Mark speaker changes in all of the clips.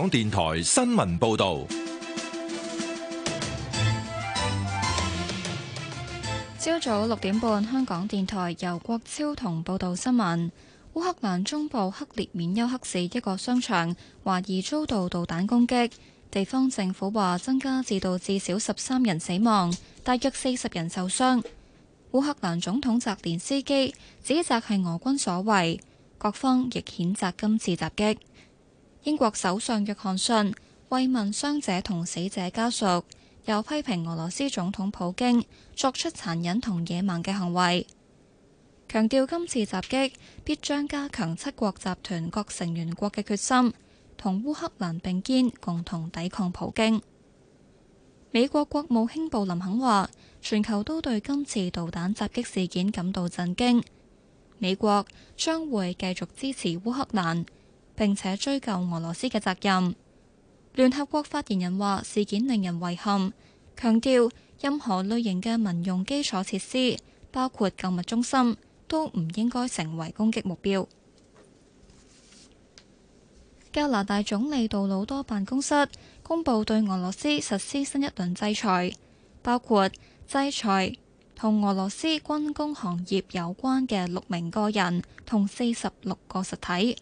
Speaker 1: 港電台新聞報道：
Speaker 2: 朝早六點半，香港電台由國超同報道新聞。烏克蘭中部克列緬丘克市一個商場懷疑遭到導彈攻擊，地方政府話增加至到至少十三人死亡，大約四十人受傷。烏克蘭總統澤連斯基指責係俄軍所為，各方亦譴責今次襲擊。英國首相約翰遜慰問傷者同死者家屬，又批評俄羅斯總統普京作出殘忍同野蠻嘅行為，強調今次襲擊必將加強七國集團各成員國嘅決心，同烏克蘭並肩共同抵抗普京。美國國務卿布林肯話：全球都對今次導彈襲擊事件感到震驚，美國將會繼續支持烏克蘭並且追究俄羅斯嘅責任。聯合國發言人話：事件令人遺憾，強調任何類型嘅民用基礎設施，包括購物中心，都唔應該成為攻擊目標。加拿大總理杜魯多辦公室公佈對俄羅斯實施新一輪制裁，包括制裁同俄羅斯軍工行業有關嘅六名個人同四十六個實體。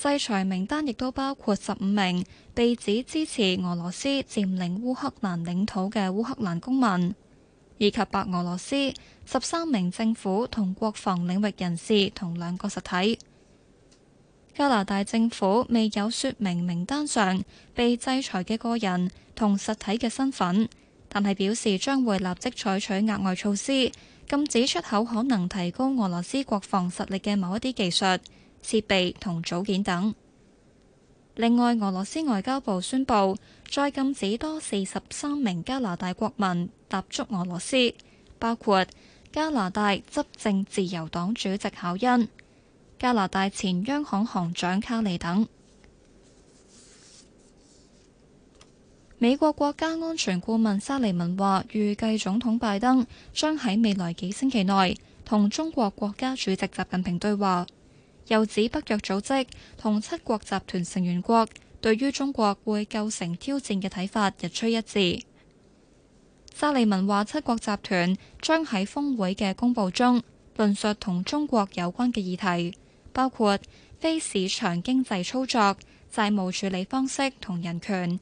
Speaker 2: 制裁名單亦都包括十五名被指支持俄羅斯佔領烏克蘭領土嘅烏克蘭公民，以及白俄羅斯十三名政府同國防領域人士同兩個實體。加拿大政府未有說明名單上被制裁嘅個人同實體嘅身份，但係表示將會立即採取額外措施，禁止出口可能提高俄羅斯國防實力嘅某一啲技術，設備同組件等。另外，俄羅斯外交部宣布再禁止多四十三名加拿大國民踏足俄羅斯，包括加拿大執政自由黨主席考恩、加拿大前央行行長卡尼等。美國國家安全顧問沙利文話：預計總統拜登將喺未來幾星期內同中國國家主席習近平對話。又指北約組織同七國集團成員國對於中國會構成挑戰嘅睇法日趨一致。沙利文話，七國集團將喺峰會嘅公佈中論述同中國有關嘅議題，包括非市場經濟操作、債務處理方式同人權。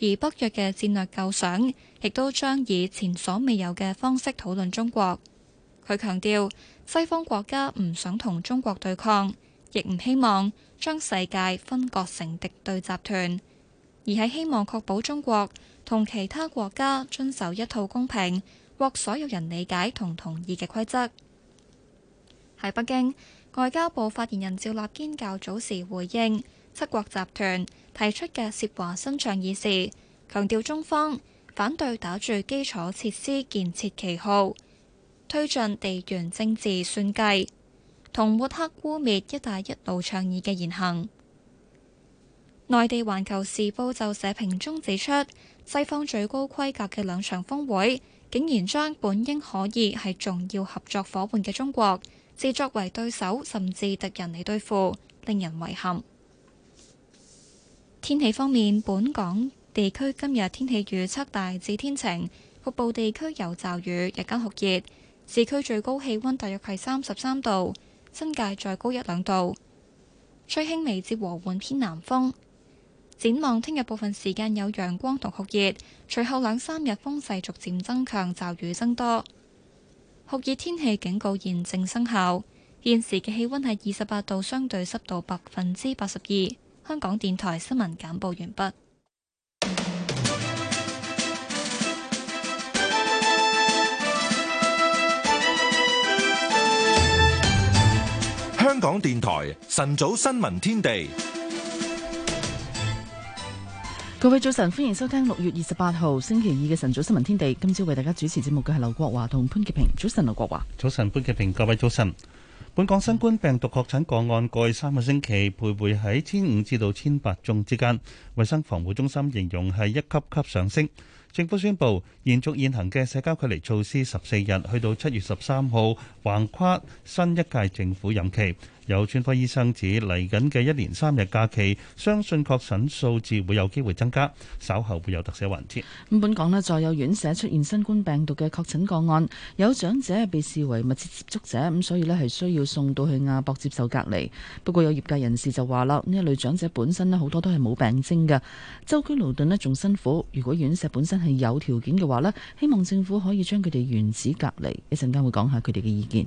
Speaker 2: 而北約嘅戰略構想亦都將以前所未有嘅方式討論中國。佢強調，西方國家唔想同中國對抗。亦唔希望將世界分割成敵對集團，而係希望確保中國同其他國家遵守一套公平、獲所有人理解同同意嘅規則。喺北京，外交部發言人趙立堅較早時回應七國集團提出嘅涉華新倡議時，強調中方反對打住基礎設施建設旗號，推進地緣政治算計，同抹黑污衊“一帶一路”倡議嘅言行。內地環球時報就社評中指出，西方最高規格嘅兩場峰會，竟然將本應可以係重要合作夥伴嘅中國，視作為對手甚至敵人嚟對付，令人遺憾。天氣方面，本港地區今日天氣預測大致天晴，局部地區有驟雨，日間酷熱，市區最高氣溫大約係三十三度。新界再高一兩度，吹輕微至和緩偏南風。展望聽日部分時間有陽光同酷熱，隨後兩三日風勢逐漸增強，驟雨增多。酷熱天氣警告現正生效。現時嘅氣温係二十八度，相對濕度百分之八十二。香港電台新聞簡報完畢。
Speaker 1: 香港電台晨早新聞天地，
Speaker 3: 各位早晨，歡迎收聽六月二十八號星期二嘅晨早新聞天地。今朝為大家主持節目嘅係
Speaker 4: 劉國華同潘潔平。早晨，劉國華。早晨，潘潔平。各位早晨。本港新冠病毒確診個案過去三個星期徘徊喺千五至到千八宗之間，衛生防護中心形容係一級級上升。政府宣佈延續現行嘅社交距離措施十四日，去到七月十三號，橫跨新一屆政府任期。有專科醫生指嚟緊嘅一連三日假期，相信確診數字會有機會增加。稍後會有特寫環節。咁
Speaker 3: 本港咧再有院舍出現新冠病毒嘅確診個案，有長者被視為密切接觸者，咁所以咧係需要送到去亞博接受隔離。不過有業界人士就話啦，呢一類長者本身咧好多都係冇病徵嘅，舟車勞頓咧仲辛苦。如果院舍本身係有條件嘅話咧，希望政府可以將佢哋原址隔離。一陣間會講下佢哋嘅意見。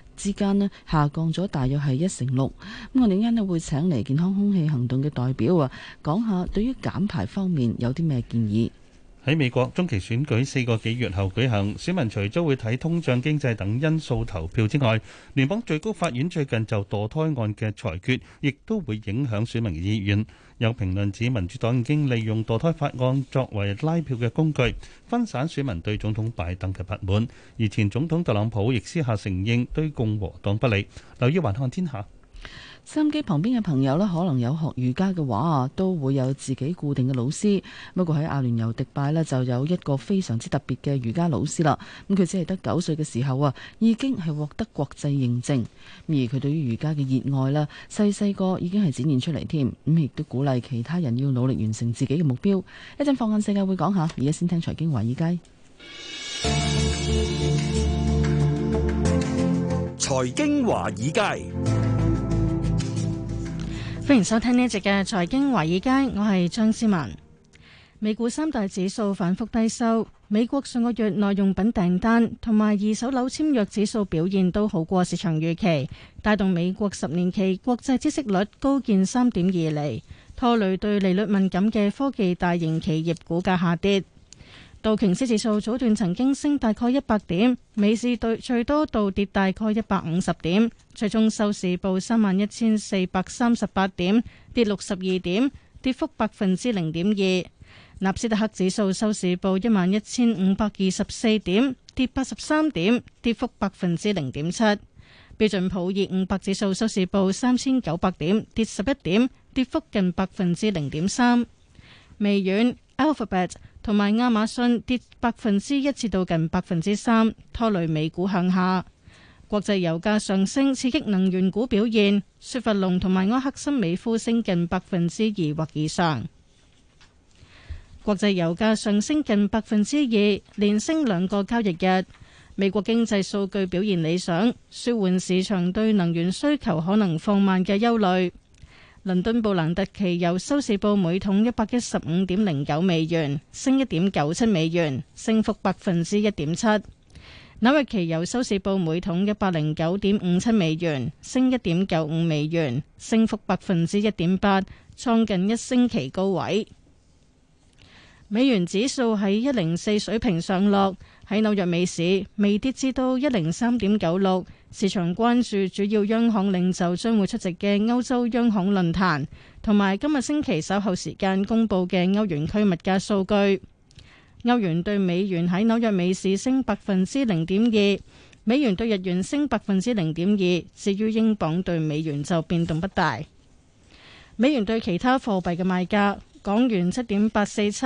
Speaker 3: 之間呢下降咗大約係一成六，咁我哋啱啱呢會請嚟健康空氣行動嘅代表啊，講下對於減排方面有啲咩
Speaker 4: 建議。喺美國中期選舉四個幾月後舉行，選民除咗會睇通脹、經濟等因素投票之外，聯邦最高法院最近就墮胎案嘅裁決，亦都會影響選民意願。有評論指民主黨已經利用墮胎法案作為拉票嘅工具，分散選民對總統拜登嘅不滿。而前總統特朗普亦私下承認對共和黨不利。留意還看天下。
Speaker 3: 收音機旁邊嘅朋友咧，可能有學瑜伽嘅話啊，都會有自己固定嘅老師。不過喺阿聯酋迪拜呢就有一個非常之特別嘅瑜伽老師啦。咁佢只係得九歲嘅時候啊，已經係獲得國際認證。而佢對於瑜伽嘅熱愛咧，細細個已經係展現出嚟添。咁亦都鼓勵其他人要努力完成自己嘅目標。一陣放眼世界會講下，而家先聽財經華爾街。
Speaker 5: 財經華爾街。
Speaker 6: 歡迎收聽呢一集嘅財經華爾街，我係張思文。美股三大指數反覆低收，美國上個月耐用品訂單同埋二手樓簽約指數表現都好過市場預期，帶動美國十年期國債孳息率高見三點二厘，拖累對利率敏感嘅科技大型企業股價下跌。道瓊斯指數早段曾經升大概一百點，美市對最多倒跌大概一百五十點，最終收市報三萬一千四百三十八點，跌六十二點，跌幅百分之零點二。納斯達克指數收市報一萬一千五百二十四點，跌八十三點，跌幅百分之零點七。標準普爾五百指數收市報三千九百點，跌十一點，跌幅近百分之零點三。微軟、Alphabet。同埋亞馬遜跌百分之一至到近百分之三，拖累美股向下。國際油價上升，刺激能源股表現。雪佛龍同埋埃克森美孚升近百分之二或以上。國際油價上升近百分之二，連升兩個交易日。美國經濟數據表現理想，舒緩市場對能源需求可能放慢嘅憂慮。倫敦布蘭特期油收市報每桶一百一十五點零九美元，升一點九七美元，升幅百分之一點七。紐約期油收市報每桶一百零九點五七美元，升一點九五美元，升幅百分之一點八，創近一星期高位。美元指數喺一零四水平上落。喺紐約美市未跌至到一零三點九六，市場關注主要央行領袖將會出席嘅歐洲央行論壇，同埋今日星期稍後時間公布嘅歐元區物價數據。歐元對美元喺紐約美市升百分之零點二，美元對日元升百分之零點二，至於英鎊對美元就變動不大。美元對其他貨幣嘅賣價，港元七點八四七。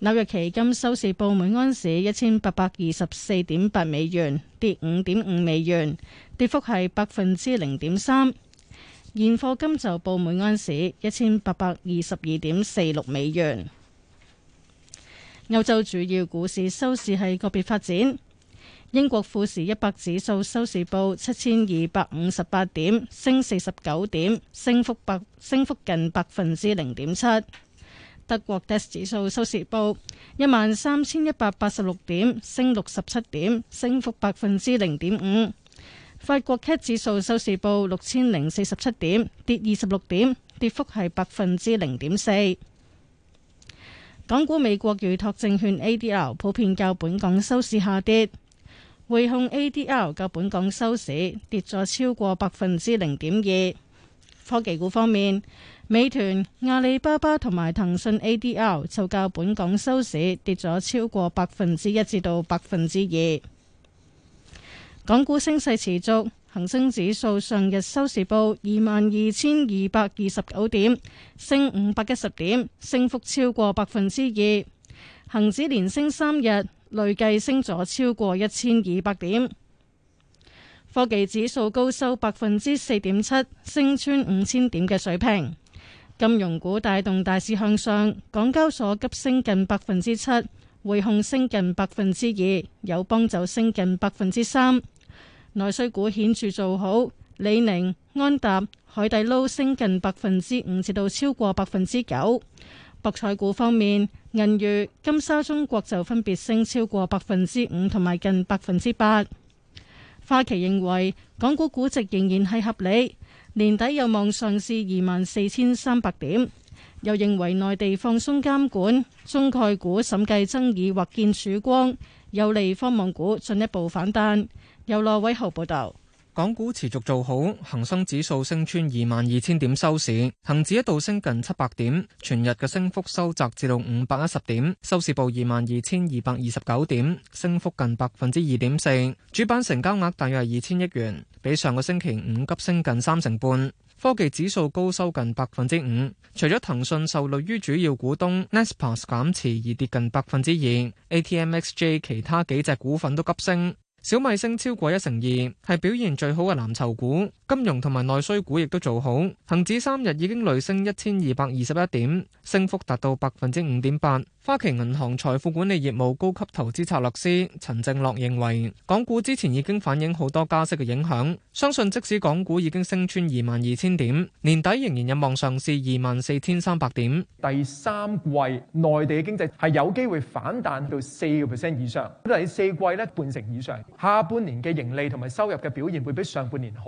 Speaker 6: 紐約期金收市報每安士一千八百二十四點八美元，跌五點五美元，跌幅係百分之零點三。現貨金就報每安士一千八百二十二點四六美元。歐洲主要股市收市係個別發展。英國富時一百指數收市報七千二百五十八點，升四十九點，升幅百升幅近百分之零點七。德國 DAX 指數收市報一萬三千一百八十六點，升六十七點，升幅百分之零點五。法國 CAC 指數收市報六千零四十七點，跌二十六點，跌幅係百分之零點四。港股美國預託證券 ADR 普遍較本港收市下跌，匯控 ADR 較本港收市跌咗超過百分之零點二。科技股方面。美團、阿里巴巴同埋騰訊 ADR 就較本港收市跌咗超過百分之一至到百分之二。港股升勢持續，恒生指數上日收市報二萬二千二百二十九點，升五百一十點，升幅超過百分之二。恒指連升三日，累計升咗超過一千二百點。科技指數高收百分之四點七，升穿五千點嘅水平。金融股帶動大市向上，港交所急升近百分之七，匯控升近百分之二，友邦就升近百分之三。內需股顯著做好，李寧、安踏、海底撈升近百分之五，至到超過百分之九。博彩股方面，銀娛、金沙中國就分別升超過百分之五同埋近百分之八。花旗認為港股估值仍然係合理。年底有望上市二萬四千三百點，又認為內地放鬆監管，中概股審計爭議或見曙光，有利科網股進一步反彈。由羅偉豪報道。
Speaker 7: 港股持續做好，恒生指數升穿二萬二千點收市，恒指一度升近七百點，全日嘅升幅收窄至到五百一十點，收市報二萬二千二百二十九點，升幅近百分之二點四。主板成交額大約係二千億元，比上個星期五急升近三成半。科技指數高收近百分之五，除咗騰訊受累於主要股東 Naspers 減持而跌近百分之二，ATMXJ 其他幾隻股份都急升。小米升超過一成二，係表現最好嘅藍籌股。金融同埋內需股亦都做好，恆指三日已經累升一千二百二十一點，升幅達到百分之五點八。花旗銀行財富管理業務高級投資策略師陳正樂認為，港股之前已經反映好多加息嘅影響，相信即使港股已經升穿二萬二千點，年底仍然有望上市二萬四千三百點。第三季內地嘅經濟係有機會反彈到四個 percent 以
Speaker 8: 上，第四季咧半成以上。下半年嘅盈利同埋收入嘅表現會比上半年好，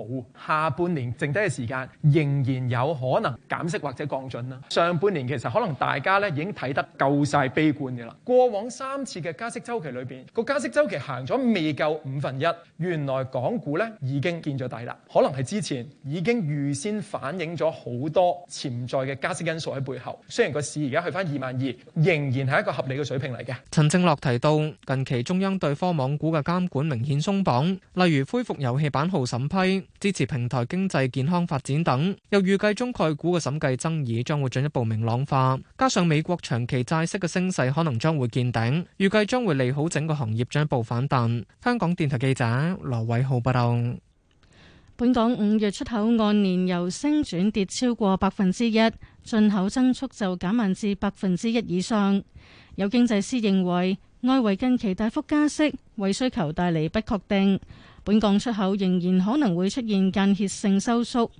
Speaker 8: 下半年剩低嘅時間仍然有可能減息或者降準啦。上半年其實可能大家咧已經睇得夠晒。悲觀嘅啦，過往三次嘅加息周期裏邊，個加息周期行咗未夠五分一，原來港股咧已經見咗底啦。可能係之前已經預先反映咗好多潛在嘅加息因素喺背後。雖然個市而家去返二萬二，仍然係一個合理嘅水平嚟嘅。
Speaker 7: 陳正樂提到，近期中央對科網股嘅監管明顯鬆綁，例如恢復遊戲版號審批、支持平台經濟健康發展等。又預計中概股嘅審計爭議將會進一步明朗化，加上美國長期債息嘅。升勢可能將會見頂，預計將會利好整個行業將一步反彈。香港電台記者羅偉浩報道。
Speaker 6: 本港五月出口按年由升轉跌超過百分之一，進口增速就減慢至百分之一以上。有經濟師認為，外圍近期大幅加息，為需求帶嚟不確定。本港出口仍然可能會出現間歇性收縮。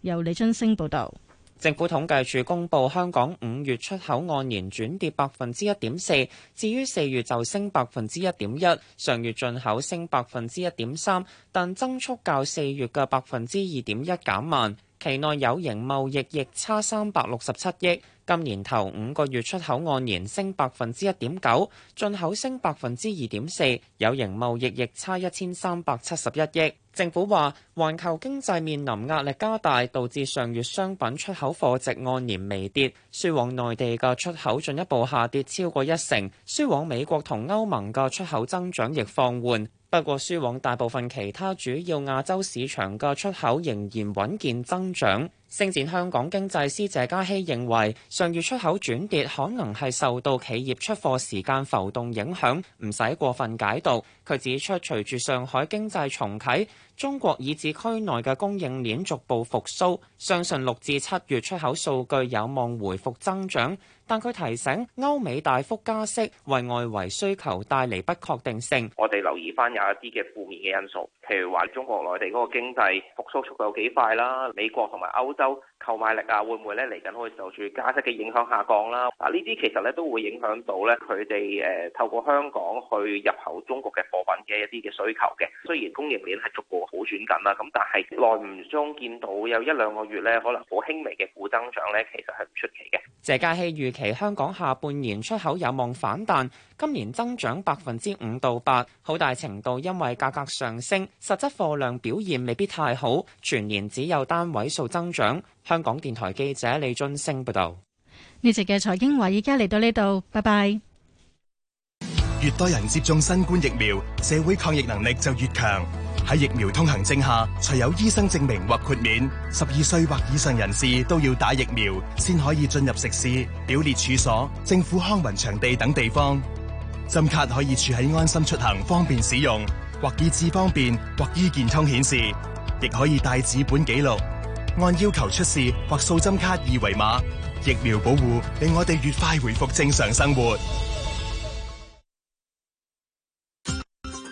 Speaker 6: 由李津升報道。
Speaker 9: 政府統計處公布香港五月出口按年轉跌百分之一點四，至於四月就升百分之一點一，上月進口升百分之一點三，但增速較四月嘅百分之二點一減慢。期內有形貿易逆差三百六十七億，今年頭五個月出口按年升百分之一點九，進口升百分之二點四，有形貿易逆差一千三百七十一億。政府話環球經濟面臨壓力加大，導致上月商品出口貨值按年微跌，輸往內地嘅出口進一步下跌超過一成，輸往美國同歐盟嘅出口增長亦放緩。不過，輸往大部分其他主要亞洲市場嘅出口仍然穩健增長。星展香港經濟師謝嘉熙認為，上月出口轉跌可能係受到企業出貨時間浮動影響，唔使過分解讀。佢指出，隨住上海經濟重啟，中國以至區內嘅供應鏈逐步復甦，相信六至七月出口數據有望回復增長。但佢提醒歐美大幅加息，為外圍需求帶嚟不確定性。
Speaker 10: 我哋留意翻有一啲嘅負面嘅因素，譬如話中國內地嗰個經濟復甦速度有幾快啦，美國同埋歐洲購買力啊，會唔會咧嚟緊會受住加息嘅影響下降啦？嗱，呢啲其實咧都會影響到咧佢哋誒透過香港去入口中國嘅貨品嘅一啲嘅需求嘅。雖然供應鏈係逐步好轉緊啦，咁但係耐唔中見到有一兩個月咧，可能好輕微嘅負增長咧，其實係唔出奇嘅。
Speaker 9: 謝家希預。近期香港下半年出口有望反彈，今年增長百分之五到八，好大程度因為價格上升，實質貨量表現未必太好，全年只有單位數增長。香港電台記者李津升報道。
Speaker 6: 呢集嘅財經話，依家嚟到呢度，拜拜。
Speaker 4: 越多人接種新冠疫苗，社會抗疫能力就越強。喺疫苗通行證下，除有醫生證明或豁免，十二歲或以上人士都要打疫苗，先可以進入食
Speaker 8: 肆、表列處所、政府康文場地等地方。針卡可以儲喺安
Speaker 4: 心出行，方便使用，或易置方便，或醫健通顯示，亦可以帶紙本記錄，按要求出示或掃針卡二維碼。疫苗保護令我哋越快回復正常生活。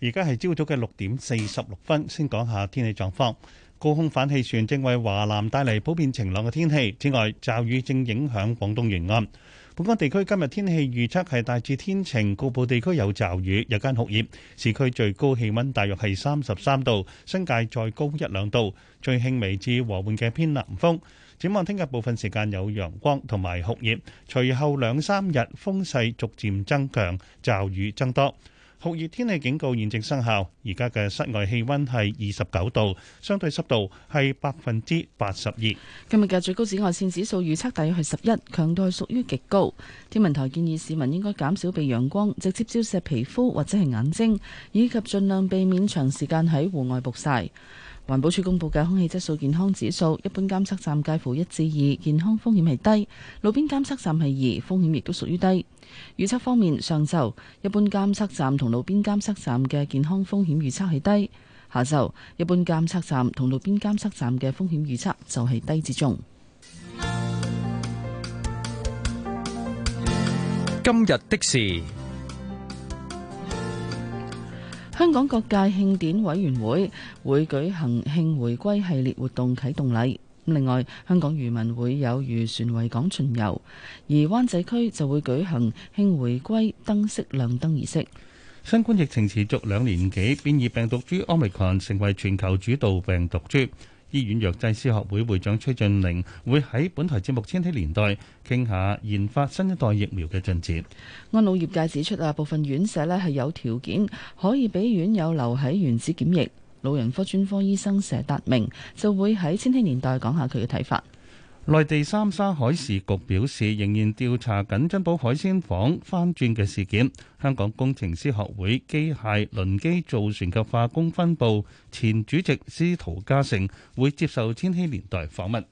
Speaker 4: 而家係朝早嘅六點四十六分，先講下天氣狀況。高空反氣旋正為華南帶嚟普遍晴朗嘅天氣，此外，驟雨正影響廣東沿岸。本港地區今日天，天氣預測係大致天晴，局部地區有驟雨，日間酷熱，市區最高氣溫大約係三十三度，新界再高一兩度，最輕微至和緩嘅偏南風。展望聽日部分時間有陽光同埋酷熱，隨後兩三日風勢逐漸增強，驟雨增多。酷熱天氣警告現正生效，而家嘅室外氣溫係二十九度，相對濕度係百分之八十二。
Speaker 3: 今日嘅最高紫外線指數預測大約係十一，強度係屬於極高。天文台建議市民應該減少被陽光直接照射皮膚或者係眼睛，以及盡量避免長時間喺戶外曝曬。環保署公布嘅空氣質素健康指數，一般監測站介乎一至二，健康風險係低；路邊監測站係二，風險亦都屬於低。預測方面，上晝一般監測站同路邊監測站嘅健康風險預測係低；下晝一般監測站同路邊監測站嘅風險預測就係低至中。
Speaker 8: 今日的事。
Speaker 3: 香港各界慶典委員會會舉行慶回歸系列活動啟動禮，另外香港漁民會有漁船維港巡遊，而灣仔區就會舉行慶回歸燈飾亮燈儀式。
Speaker 4: 新冠疫情持續兩年幾，變異病毒株 Omicron 成為全球主導病毒株。醫院藥劑師學會會長崔俊玲會喺本台節目《千禧年代》傾下研發新一代疫苗嘅進展。
Speaker 3: 安老業界指出啊，部分院舍咧係有條件可以俾院友留喺原址檢疫。老人科專科醫生佘達明就會喺《千禧年代》講下佢嘅睇法。
Speaker 4: 內地三沙海事局表示，仍然調查緊珍寶海鮮舫翻轉嘅事件。香港工程師學會機械輪機造船及化工分部前主席司徒家成會接受《千禧年代》訪問。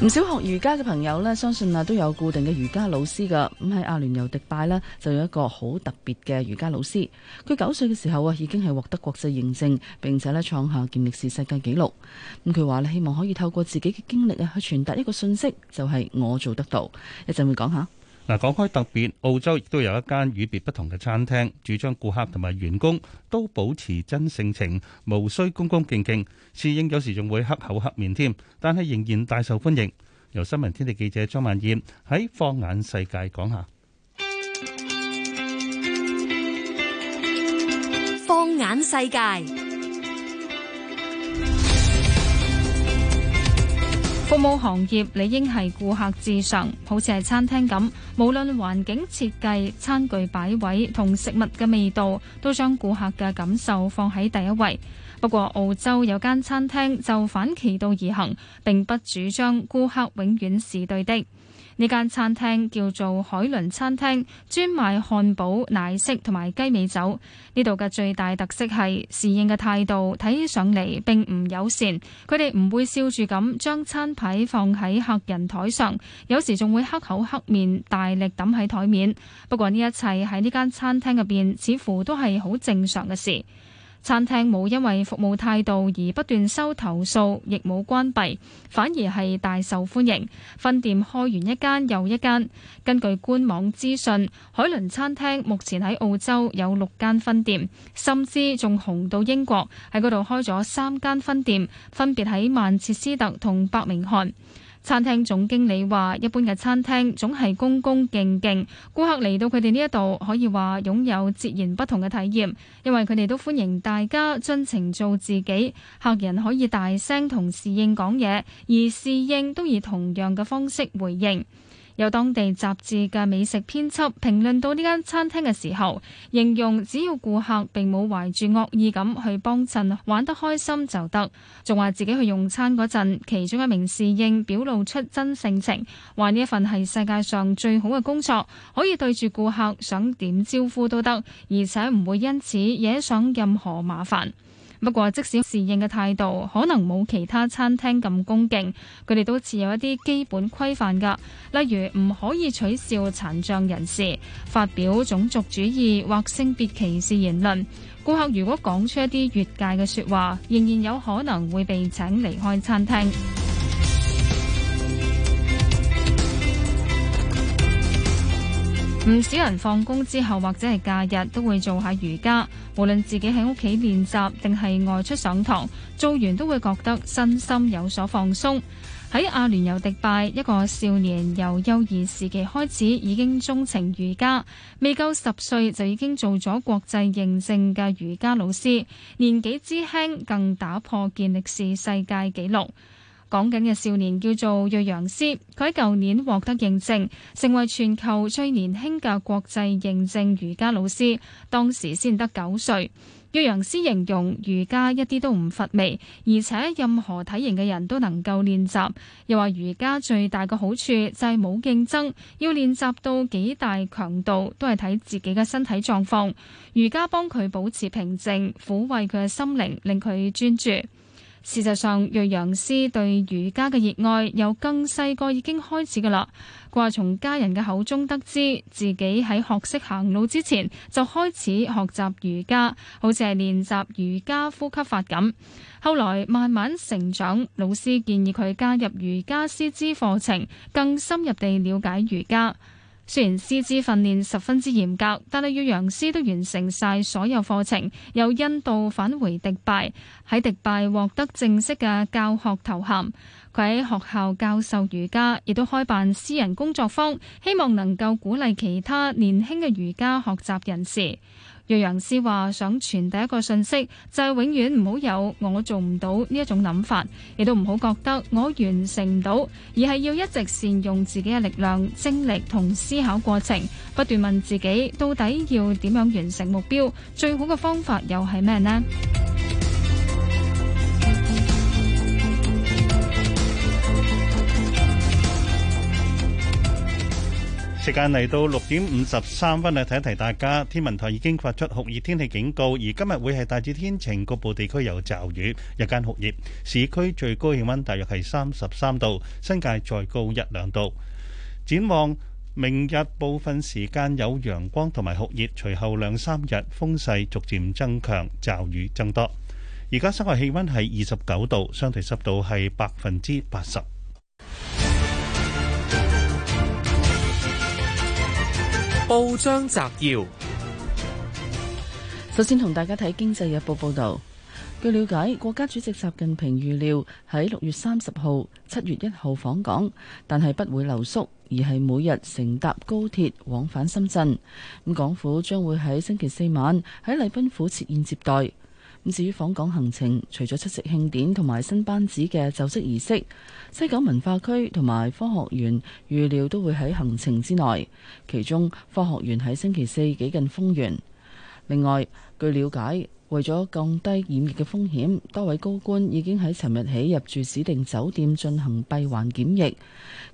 Speaker 3: 唔少學瑜伽嘅朋友咧，相信啊都有固定嘅瑜伽老師噶。咁喺阿聯酋迪拜呢，就有一個好特別嘅瑜伽老師。佢九歲嘅時候啊，已經係獲得國際認證，並且咧創下健力士世界紀錄。咁佢話咧，希望可以透過自己嘅經歷啊，去傳達一個信息，就係我做得到。一陣會講下。
Speaker 4: 嗱，講開特別，澳洲亦都有一間與別不同嘅餐廳，主張顧客同埋員工都保持真性情，無需恭恭敬敬，侍應有時仲會黑口黑面添，但係仍然大受歡迎。由新聞天地記者張曼燕喺《放眼世界》講下，
Speaker 2: 《放眼世界》。
Speaker 11: 服務行業理應係顧客至上，好似係餐廳咁，無論環境設計、餐具擺位同食物嘅味道，都將顧客嘅感受放喺第一位。不過澳洲有間餐廳就反其道而行，並不主張顧客永遠是對的。呢間餐廳叫做海倫餐廳，專賣漢堡、奶昔同埋雞尾酒。呢度嘅最大特色係侍應嘅態度，睇起上嚟並唔友善。佢哋唔會笑住咁將餐牌放喺客人台上，有時仲會黑口黑面，大力揼喺台面。不過呢一切喺呢間餐廳入邊，似乎都係好正常嘅事。餐廳冇因為服務態度而不斷收投訴，亦冇關閉，反而係大受歡迎。分店開完一間又一間。根據官網資訊，海倫餐廳目前喺澳洲有六間分店，甚至仲紅到英國，喺嗰度開咗三間分店，分別喺曼徹斯特同伯明翰。餐廳總經理話：一般嘅餐廳總係恭恭敬敬，顧客嚟到佢哋呢一度，可以話擁有截然不同嘅體驗，因為佢哋都歡迎大家盡情做自己，客人可以大聲同侍應講嘢，而侍應都以同樣嘅方式回應。有當地雜誌嘅美食編輯評論到呢間餐廳嘅時候，形容只要顧客並冇懷住惡意咁去幫襯，玩得開心就得。仲話自己去用餐嗰陣，其中一名侍應表露出真性情，話呢一份係世界上最好嘅工作，可以對住顧客想點招呼都得，而且唔會因此惹上任何麻煩。不過，即使侍應嘅態度可能冇其他餐廳咁恭敬，佢哋都持有一啲基本規範㗎，例如唔可以取笑殘障人士、發表種族主義或性別歧視言論。顧客如果講出一啲越界嘅説話，仍然有可能會被請離開餐廳。唔少人放工之後或者係假日都會做下瑜伽，無論自己喺屋企練習定係外出上堂，做完都會覺得身心有所放鬆。喺阿聯酋迪拜，一個少年由幼兒時期開始已經鍾情瑜伽，未夠十歲就已經做咗國際認證嘅瑜伽老師，年紀之輕更打破健力士世界紀錄。講緊嘅少年叫做瑞揚斯，佢喺舊年獲得認證，成為全球最年輕嘅國際認證瑜伽老師，當時先得九歲。瑞揚斯形容瑜伽一啲都唔乏味，而且任何體型嘅人都能夠練習。又話瑜伽最大嘅好處就係冇競爭，要練習到幾大強度都係睇自己嘅身體狀況。瑜伽幫佢保持平靜，撫慰佢嘅心靈，令佢專注。事實上，瑞揚師對瑜伽嘅熱愛由更細個已經開始噶啦。佢話從家人嘅口中得知，自己喺學識行路之前就開始學習瑜伽，好似係練習瑜伽呼吸法咁。後來慢慢成長，老師建議佢加入瑜伽師資課程，更深入地了解瑜伽。雖然師資訓練十分之嚴格，但係要楊師都完成晒所有課程，由印度返回迪拜，喺迪拜獲得正式嘅教學頭銜。佢喺學校教授瑜伽，亦都開辦私人工作坊，希望能夠鼓勵其他年輕嘅瑜伽學習人士。瑞揚師話：想傳遞一個信息，就係、是、永遠唔好有我做唔到呢一種諗法，亦都唔好覺得我完成唔到，而係要一直善用自己嘅力量、精力同思考過程，不斷問自己到底要點樣完成目標。最好嘅方法又係咩呢？
Speaker 4: 時間嚟到六點五十三分，嚟提一提大家。天文台已經發出酷熱天氣警告，而今日會係大致天晴，局部地區有驟雨，日間酷熱。市區最高氣溫大約係三十三度，新界再高一兩度。展望明日部分時間有陽光同埋酷熱，隨後兩三日風勢逐漸增強，驟雨增多。而家室外氣溫係二十九度，相對濕度係百分之八十。報章摘要，
Speaker 3: 首先同大家睇《經濟日報》報道。據了解，國家主席習近平預料喺六月三十號、七月一號訪港，但係不會留宿，而係每日乘搭高鐵往返深圳。咁港府將會喺星期四晚喺禮賓府設宴接待。咁至於訪港行程，除咗出席慶典同埋新班子嘅就職儀式，西九文化區同埋科學園預料都會喺行程之內。其中科學園喺星期四幾近封園。另外，據了解，為咗降低染疫嘅風險，多位高官已經喺尋日起入住指定酒店進行閉環檢疫，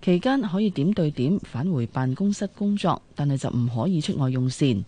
Speaker 3: 期間可以點對點返回辦公室工作，但係就唔可以出外用膳。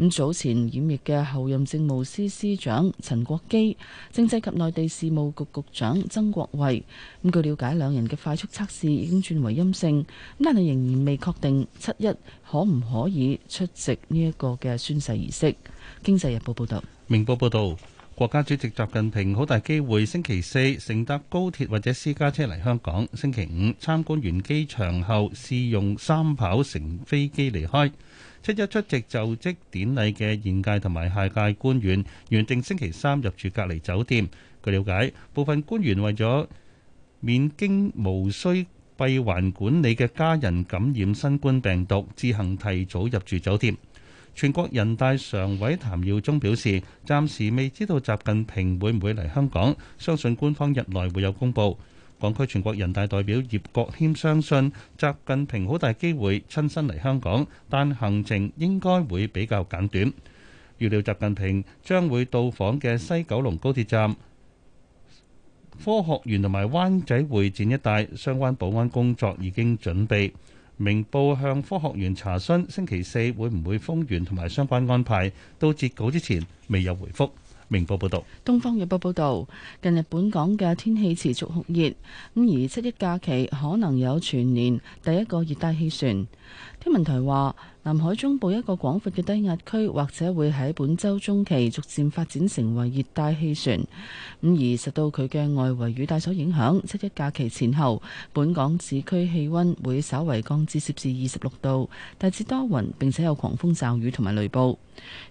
Speaker 3: 咁早前染疫嘅後任政務司司長陳國基、政制及內地事務局局長曾國衛，咁據了解，兩人嘅快速測試已經轉為陰性，但係仍然未確定七一可唔可以出席呢一個嘅宣誓儀式。經濟日報報道，
Speaker 4: 明報報道，國家主席習近平好大機會星期四乘搭高鐵或者私家車嚟香港，星期五參觀完機場後試用三跑乘飛機離開。七一出席就職典禮嘅現屆同埋下屆官員原定星期三入住隔離酒店。據了解，部分官員為咗免經無需閉環管理嘅家人感染新冠病毒，自行提早入住酒店。全國人大常委譚耀宗表示，暫時未知道習近平會唔會嚟香港，相信官方日內會有公布。港區全國人大代表葉國謙相信習近平好大機會親身嚟香港，但行程應該會比較簡短。預料習近平將會到訪嘅西九龍高鐵站、科學園同埋灣仔會展一帶，相關保安工作已經準備。明報向科學園查詢星期四會唔會封園同埋相關安排，到截稿之前未有回覆。明報報道：
Speaker 3: 東方日報報道，近日本港嘅天氣持續酷熱，咁而七一假期可能有全年第一個熱帶氣旋。天文台話，南海中部一個廣闊嘅低壓區或者會喺本周中期逐漸發展成為熱帶氣旋。咁而受到佢嘅外圍雨帶所影響，七一假期前後，本港市區氣溫會稍為降至攝氏二十六度，大致多雲，並且有狂風驟雨同埋雷暴。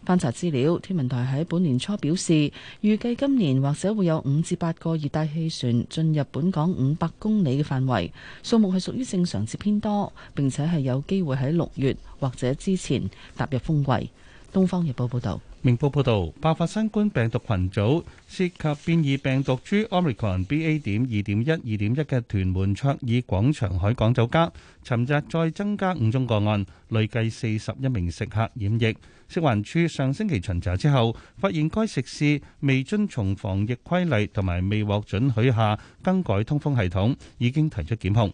Speaker 3: 翻查資料，天文台喺本年初表示，預計今年或者會有五至八個熱帶氣旋進入本港五百公里嘅範圍，數目係屬於正常至偏多，並且係有機會喺六月或者之前踏入風季。《東方日報》報道，
Speaker 4: 《明報》報道爆發新冠病毒群組涉及變異病毒株 Omicron BA. 點二點一二點一嘅屯門卓爾廣場海港酒家，尋日再增加五宗個案，累計四十一名食客染疫。食環署上星期巡查之後，發現該食肆未遵從防疫規例，同埋未獲准許下更改通風系統，已經提出檢控。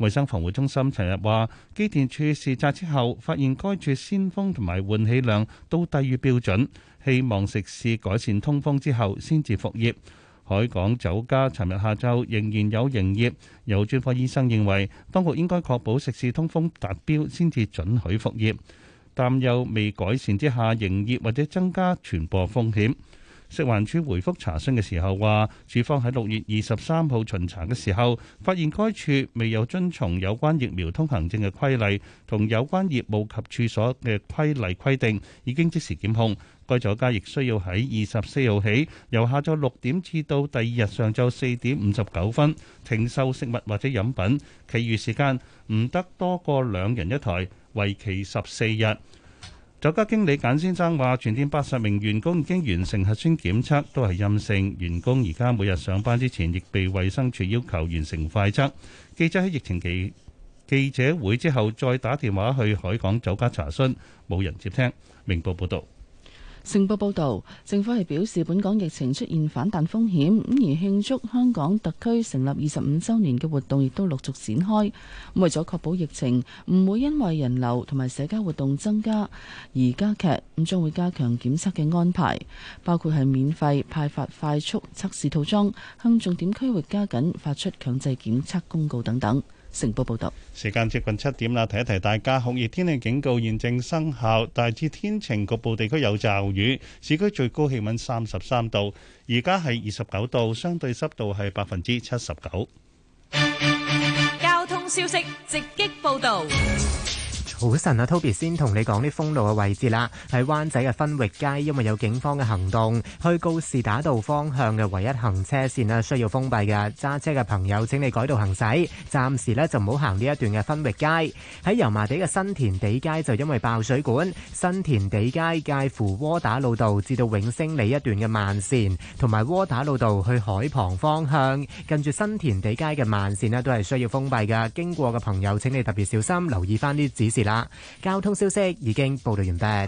Speaker 4: 衛生防護中心尋日話，機電處視察之後，發現該處鮮風同埋換氣量都低於標準，希望食肆改善通風之後先至復業。海港酒家尋日下晝仍然有營業。有專科醫生認為，當局應該確保食肆通風達標先至准許復業，但又未改善之下營業或者增加傳播風險。食環署回覆查詢嘅時候話，處方喺六月二十三號巡查嘅時候，發現該處未有遵從有關疫苗通行證嘅規例同有關業務及處所嘅規例規定，已經即時檢控。該酒家亦需要喺二十四號起，由下晝六點至到第二日上晝四點五十九分停售食物或者飲品，其餘時間唔得多過兩人一台，為期十四日。酒家經理簡先生話，全店八十名員工已經完成核酸檢測都係陰性。員工而家每日上班之前，亦被衛生署要求完成快測，記者喺疫情期記者會之後再打電話去海港酒家查詢，冇人接聽，明報報道。成
Speaker 3: 報報導，政府係表示本港疫情出現反彈風險，咁而慶祝香港特區成立二十五週年嘅活動亦都陸續展開。咁為咗確保疫情唔會因為人流同埋社交活動增加而加劇，咁將會加強檢測嘅安排，包括係免費派發快速測試套裝，向重點區域
Speaker 4: 加緊發出強制檢測公告等等。成報報道，時間接近七點啦，提一提大家，酷熱天氣警告現正生效，大致天晴，局部地區有驟雨。市區最高氣溫三十三度，而家係二十九度，相對濕度係百分之七十九。
Speaker 2: 交通消息，直擊報道。
Speaker 12: 好神啊！Toby 先同你講啲封路嘅位置啦，喺灣仔嘅分域街，因為有警方嘅行動，去告士打道方向嘅唯一行車線啦，需要封閉嘅，揸車嘅朋友請你改道行駛，暫時咧就唔好行呢一段嘅分域街。喺油麻地嘅新田地街就因為爆水管，新田地街介乎窩打老道至到永星里一段嘅慢線，同埋窩打老道去海旁方向，近住新田地街嘅慢線咧都係需要封閉嘅，經過嘅朋友請你特別小心，留意翻啲指示啦。交通消息已經報道完畢。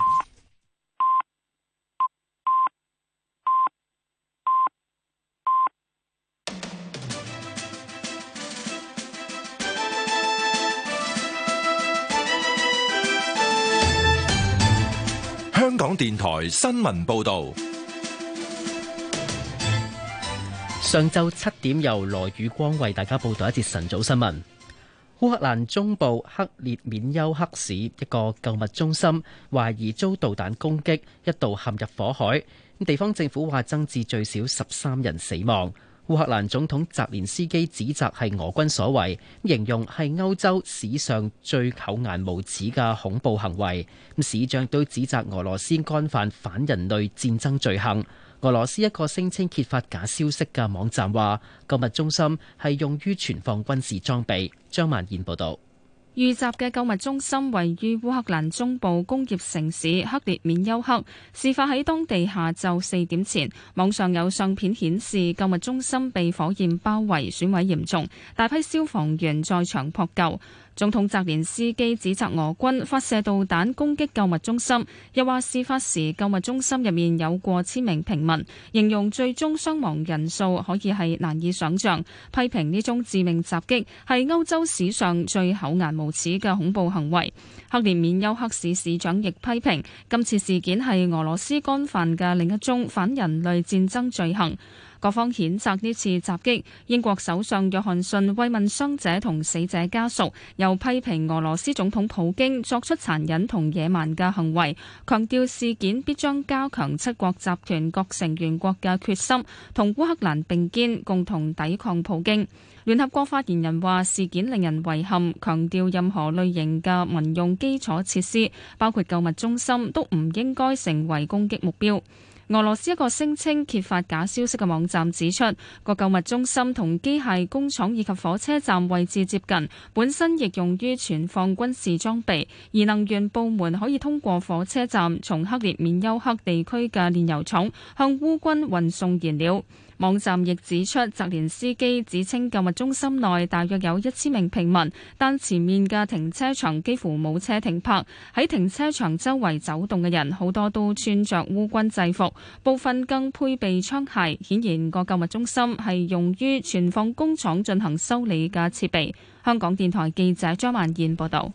Speaker 1: 香港電台新聞
Speaker 13: 報道。上晝七點由羅宇光為大家報道一節晨早新聞。烏克蘭中部克列緬丘克市一個購物中心懷疑遭導彈攻擊，一度陷入火海。地方政府話增至最少十三人死亡。烏克蘭總統澤連斯基指責係俄軍所為，形容係歐洲史上最厚顏無恥嘅恐怖行為。市長都指責俄羅斯干犯反人類戰爭罪行。俄羅斯一個聲稱揭發假消息嘅網站話，購物中心係用於存放軍事裝備。張曼燕報道，
Speaker 11: 遇襲嘅購物中心位於烏克蘭中部工業城市克列緬丘克，事發喺當地下晝四點前。網上有相片顯示購物中心被火焰包圍，損毀嚴重，大批消防員在場撲救。總統澤連斯基指責俄軍發射導彈攻擊購物中心，又話事發時購物中心入面有過千名平民，形容最終傷亡人數可以係難以想象，批評呢宗致命襲擊係歐洲史上最厚顏無恥嘅恐怖行為。克連緬丘克市市長亦批評今次事件係俄羅斯干犯嘅另一宗反人類戰爭罪行。各方譴責呢次襲擊，英國首相約翰遜慰問傷者同死者家屬，又批評俄羅斯總統普京作出殘忍同野蠻嘅行為，強調事件必將加強七國集團各成員國嘅決心，同烏克蘭並肩，共同抵抗普京。聯合國發言人話事件令人遺憾，強調任何類型嘅民用基礎設施，包括購物中心，都唔應該成為攻擊目標。俄羅斯一個聲稱揭發假消息嘅網站指出，個購物中心同機械工廠以及火車站位置接近，本身亦用於存放軍事裝備，而能源部門可以通過火車站從克列緬丘克地區嘅煉油廠向烏軍運送燃料。網站亦指出，澤連斯基指稱購物中心內大約有一千名平民，但前面嘅停車場幾乎冇車停泊。喺停車場周圍走動嘅人，好多都穿着烏軍制服，部分更配備槍械。顯然，個購物中心係用於存放工廠進行修理嘅設備。香港電台記者張萬燕報導。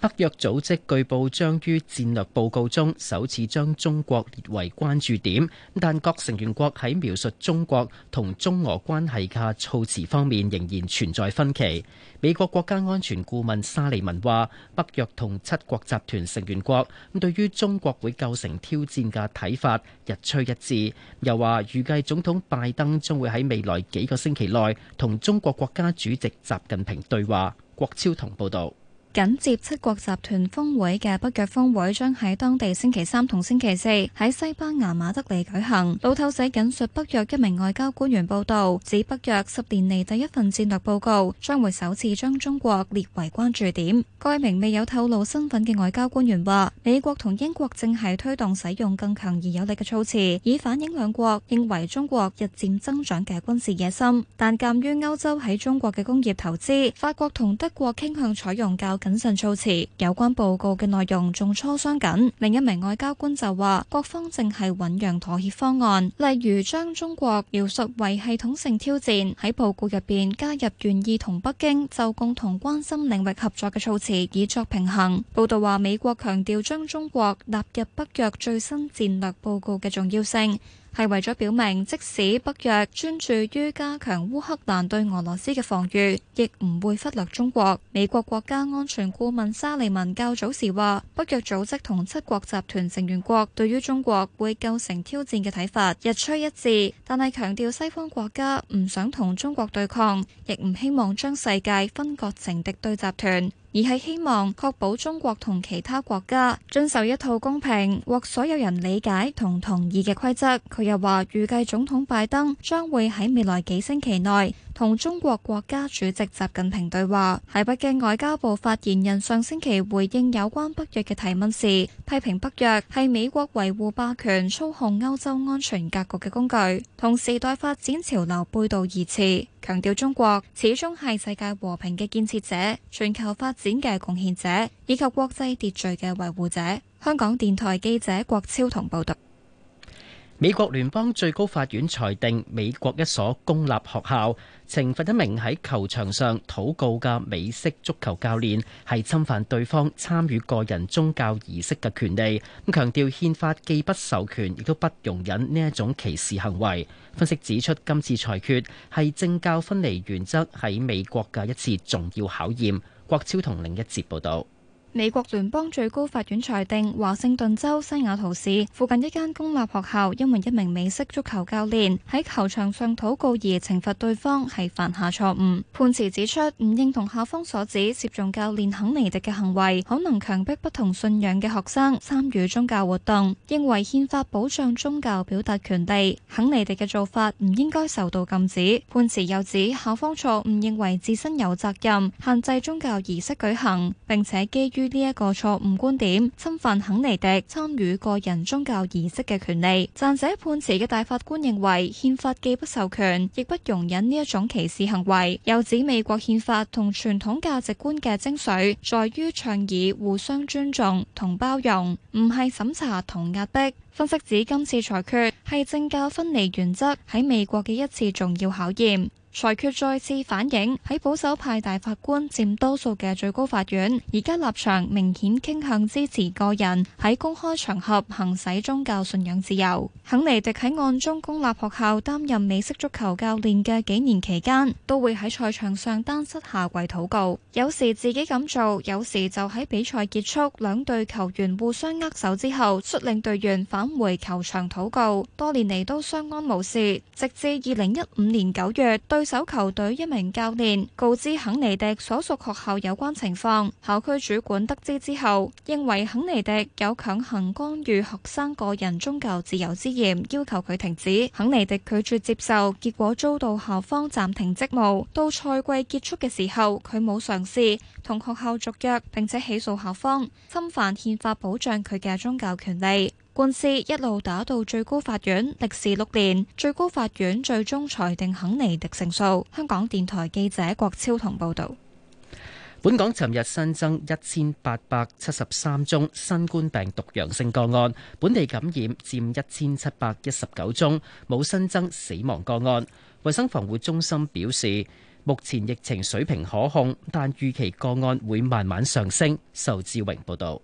Speaker 13: 北約組織據報將於戰略報告中首次將中國列為關注點，但各成員國喺描述中國同中俄關係嘅措辭方面仍然存在分歧。美國國家安全顧問沙利文話，北約同七國集團成員國咁對於中國會構成挑戰嘅睇法日趨一致，又話預計總統拜登將會喺未來幾個星期內同中國國家主席習近平對話。郭超同報道。
Speaker 2: 緊接七國集團峰會嘅北約峰會將喺當地星期三同星期四喺西班牙馬德里舉行。路透社引述北約一名外交官員報道，指北約十年嚟第一份戰略報告將會首次將中國列為關注點。該名未有透露身份嘅外交官員話，美國同英國正係推動使用更強而有力嘅措辭，以反映兩國認為中國日漸增長嘅軍事野心。但鑒於歐洲喺中國嘅工業投資，法國同德國傾向採用較謹慎措辭，有關報告嘅內容仲磋商緊。另一名外交官就話，各方正係醞釀妥協方案，例如將中國描述為系統性挑戰，喺報告入邊加入願意同北京就共同關心領域合作嘅措辭，以作平衡。報道話，美國強調將中國納入北約最新戰略報告嘅重要性。係為咗表明，即使北約專注於加強烏克蘭對俄羅斯嘅防禦，亦唔會忽略中國。美國國家安全顧問沙利文較早時話，北約組織同七國集團成員國對於中國會構成挑戰嘅睇法日趨一致，但係強調西方國家唔想同中國對抗，亦唔希望將世界分割成敵對集團。而係希望確保中國同其他國家遵守一套公平獲所有人理解同同意嘅規則。佢又話預計總統拜登將會喺未來幾星期內同中國國家主席習近平對話。喺北京外交部發言人上星期回應有關北約嘅提問時，批評北約係美國維護霸權操控歐洲安全格局嘅工具，同時代發展潮流背道而馳，強調中國始終係世界和平嘅建設者、全球發展、嘅貢獻者以及國際秩序嘅維護者。香港電台記者郭超同報道：
Speaker 13: 美國聯邦最高法院裁定，美國一所公立學校懲罰一名喺球場上禱告嘅美式足球教練，係侵犯對方參與個人宗教儀式嘅權利。咁強調，憲法既不授權，亦都不容忍呢一種歧視行為。分析指出，今次裁決係政教分離原則喺美國嘅一次重要考驗。國超同另一節報導。
Speaker 2: 美國聯邦最高法院裁定，華盛頓州西雅圖市附近一間公立學校因為一名美式足球教練喺球場上禱告而懲罰對方係犯下錯誤。判詞指出，唔認同校方所指涉事教練肯尼迪嘅行為可能強迫不同信仰嘅學生參與宗教活動，認為憲法保障宗教表達權利，肯尼迪嘅做法唔應該受到禁止。判詞又指校方錯誤認為自身有責任限制宗教儀式舉行，並且基於於呢一個錯誤觀點侵犯肯尼迪參與個人宗教儀式嘅權利。撰寫判詞嘅大法官認為，憲法既不授權，亦不容忍呢一種歧視行為。又指美國憲法同傳統價值觀嘅精髓，在於倡議、互相尊重同包容，唔係審查同壓迫。分析指今次裁決係政教分離原則喺美國嘅一次重要考驗。裁決再次反映喺保守派大法官佔多數嘅最高法院，而家立場明顯傾向支持個人喺公開場合行使宗教信仰自由。肯尼迪喺案中公立學校擔任美式足球教練嘅幾年期間都會喺賽場上單膝下跪禱告，有時自己咁做，有時就喺比賽結束兩隊球員互相握手之後率領隊員返回球場禱告。多年嚟都相安無事，直至二零一五年九月。對手球隊一名教練告知肯尼迪所屬學校有關情況，校區主管得知之後，認為肯尼迪有強行干預學生個人宗教自由之嫌，要求佢停止。肯尼迪拒絕接受，結果遭到校方暫停職務。到賽季結束嘅時候，佢冇嘗試同學校續約，並且起訴校方侵犯憲法保障佢嘅宗教權利。官司一路打到最高法院，歷時六年。最高法院最終裁定肯尼迪勝訴。香港電台記者郭超同報道。
Speaker 13: 本港尋日新增一千八百七十三宗新冠病毒陽性個案，本地感染佔一千七百一十九宗，冇新增死亡個案。衛生防護中心表示，目前疫情水平可控，但預期個案會慢慢上升。仇志榮報道。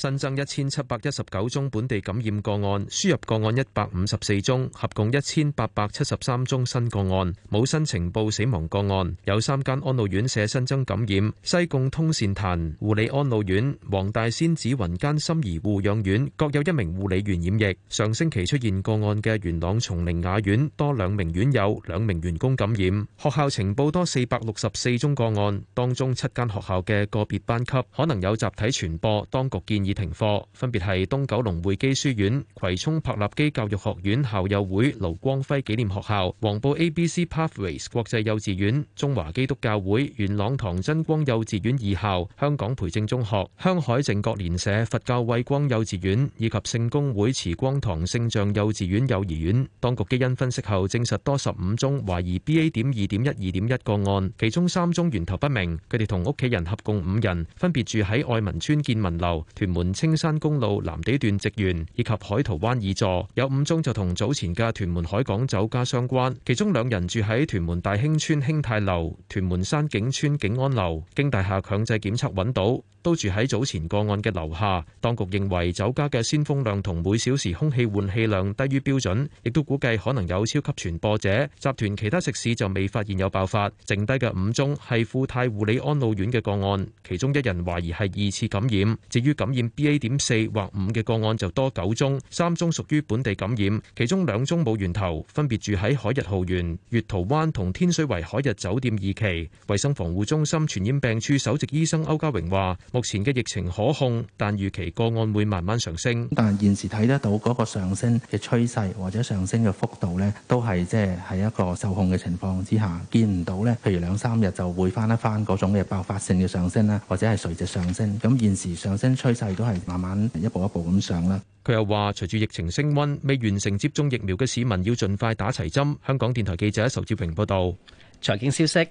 Speaker 13: 新增一千七百一十九宗本地感染個案，輸入個
Speaker 8: 案一百五十四宗，合共一千八百七十三宗新個案，冇新呈報死亡個案。有三間安老院舍新增感染：西貢通善壇護理安老院、黃大仙紫雲間心怡護養院，各有一名護理員染疫。上星期出現個案嘅元朗松陵雅苑，多兩名院友、兩名員工感染。學校呈報多四百六十四宗個案，當中七間學校嘅個別班級可能有集體傳播，當局建議，已停課，分別係東九龍匯基書院、葵涌柏立基教育學院校友會、盧光輝紀念學校、黃埔 A.B.C. Pathways 國際幼稚園、中華基督教會元朗唐真光幼稚園二校、香港培正中學、香海正覺蓮社佛教慧光幼稚園以及聖公會慈光堂聖象幼稚園幼兒園。當局基因分析後證實多十五宗懷疑 B.A. 點二點一、二點一個案，其中三宗源頭不明。佢哋同屋企人合共五人，分別住喺愛民村建民樓、屯門。屯門青山公路藍地段植園以及海濤灣二座，有五宗就同早前嘅屯門海港酒家相關，其中兩人住喺屯門大興邨興泰樓、屯門山景邨景安樓，經大廈強制檢測揾到，都住喺早前個案嘅樓下。當局認為酒家嘅鮮風量同每小時空氣換氣量低於標準，亦都估計可能有超級傳播者。集團其他食肆就未發現有爆發，剩低嘅五宗係富泰護理安老院嘅個案，其中一人懷疑係二次感染。至於感染。B A 點四或五嘅個案就多九宗，三宗屬於本地感染，其中兩宗冇源頭，分別住喺海逸豪園、月桃灣同天水圍海逸酒店二期。衛生防護中心傳染病處首席醫生歐家榮話：目前嘅疫情可控，但預期個案會慢慢上升。
Speaker 14: 但現時睇得到嗰個上升嘅趨勢或者上升嘅幅度呢，都係即係喺一個受控嘅情況之下，見唔到呢，譬如兩三日就會翻一翻嗰種嘅爆發性嘅上升啦，或者係垂直上升。咁現時上升趨勢。都係慢慢一步一步咁上啦。
Speaker 8: 佢又話：隨住疫情升溫，未完成接種疫苗嘅市民要盡快打齊針。香港電台記者仇志平報道。財經
Speaker 13: 消息。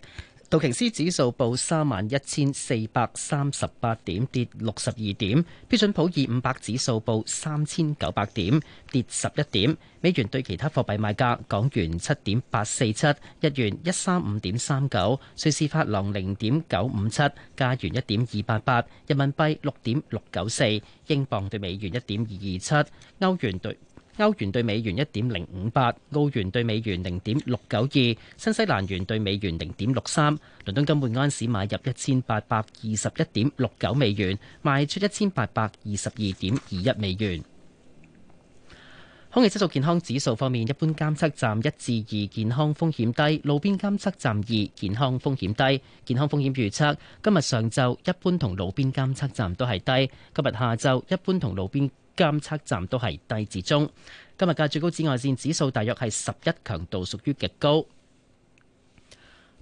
Speaker 13: 道瓊斯指數報三萬一千四百三十八點，跌六十二點。標準普爾五百指數報三千九百點，跌十一點。美元對其他貨幣賣價：港元七點八四七，日元一三五點三九，瑞士法郎零點九五七，加元一點二八八，人民幣六點六九四，英鎊對美元一點二二七，歐元對。歐元對美元一點零五八，澳元對美元零點六九二，新西蘭元對美元零點六三。倫敦金本安士買入一千八百二十一點六九美元，賣出一千八百二十二點二一美元。空氣質素健康指數方面，一般監測站一至二健康風險低，路邊監測站二健康風險低。健康風險預測今日上晝一般同路邊監測站都係低，今日下晝一般同路邊監測站都係低至中。今日嘅最高紫外線指數大約係十一，強度屬於極高。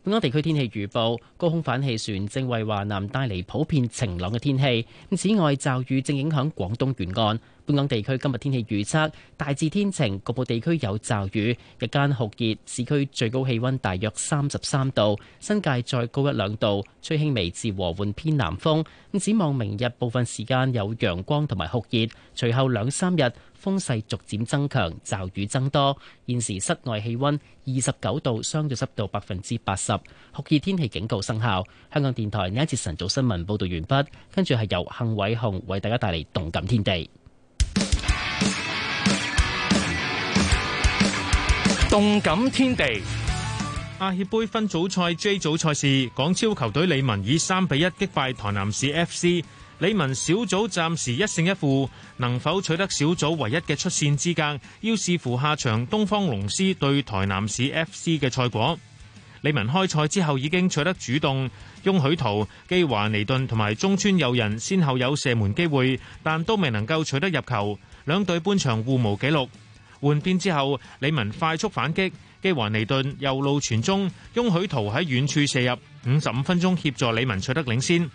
Speaker 13: 本港地區天氣預報，高空反氣旋正為華南帶嚟普遍晴朗嘅天氣。咁此外，驟雨正影響廣東沿岸。本港地區今日天氣預測大致天晴，局部地區有驟雨，日間酷熱，市區最高氣溫大約三十三度，新界再高一兩度，吹輕微至和緩偏南風。咁展望明日部分時間有陽光同埋酷熱，隨後兩三日。風勢逐漸增強，驟雨增多。現時室外氣温二十九度，相對濕度百分之八十，酷熱天氣警告生效。香港電台呢一節晨早新聞報道完畢，跟住係由幸偉雄為大家帶嚟動感天地。動感天地，亞協杯分組
Speaker 15: 賽 J 組賽事，港超球隊李文以三比一擊敗台南市 FC。李文小組暫時一勝一負，能否取得小組唯一嘅出線資格，要視乎下場東方龍獅對台南市 FC 嘅賽果。李文開賽之後已經取得主動，翁許圖、基華尼頓同埋中村友人先後有射門機會，但都未能夠取得入球，兩隊半場互無紀錄。換邊之後，李文快速反擊，基華尼頓右路傳中，翁許圖喺遠處射入，五十五分鐘協助李文取得領先。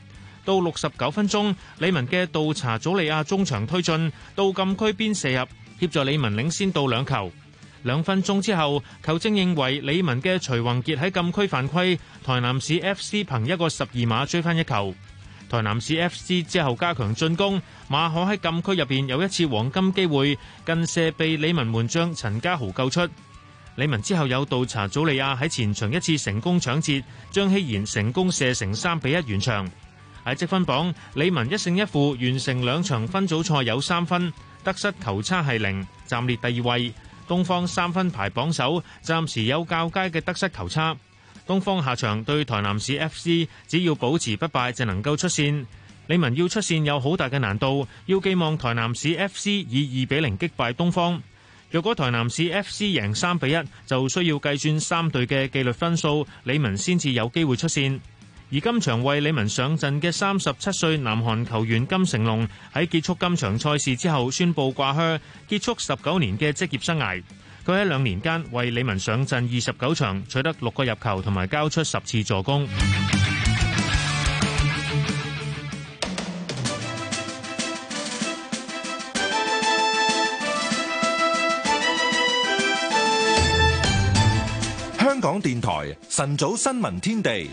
Speaker 15: 到六十九分鐘，李文嘅倒查祖利亞中場推進到禁區邊射入，協助李文領先到兩球。兩分鐘之後，球證認為李文嘅徐宏傑喺禁區犯規，台南市 F.C. 憑一個十二碼追翻一球。台南市 F.C. 之後加強進攻，馬可喺禁區入邊有一次黃金機會，近射被李文門將陳家豪救出。李文之後有倒查祖利亞喺前場一次成功搶截，張希賢成功射成三比一完場。喺積分榜，李文一勝一負，完成兩場分組賽有三分，得失球差係零，暫列第二位。東方三分排榜首，暫時有較佳嘅得失球差。東方下場對台南市 F.C. 只要保持不敗就能夠出線。李文要出線有好大嘅難度，要寄望台南市 F.C. 以二比零擊敗東方。若果台南市 F.C. 贏三比一，就需要計算三隊嘅紀律分數，李文先至有機會出線。而今場為李文上陣嘅三十七歲南韓球員金成龍，喺結束今場賽事之後宣佈掛靴，結束十九年嘅職業生涯。佢喺兩年間為李文上陣二十九場，取得六個入球同埋交出十次助攻。
Speaker 1: 香港電台晨早新聞天地。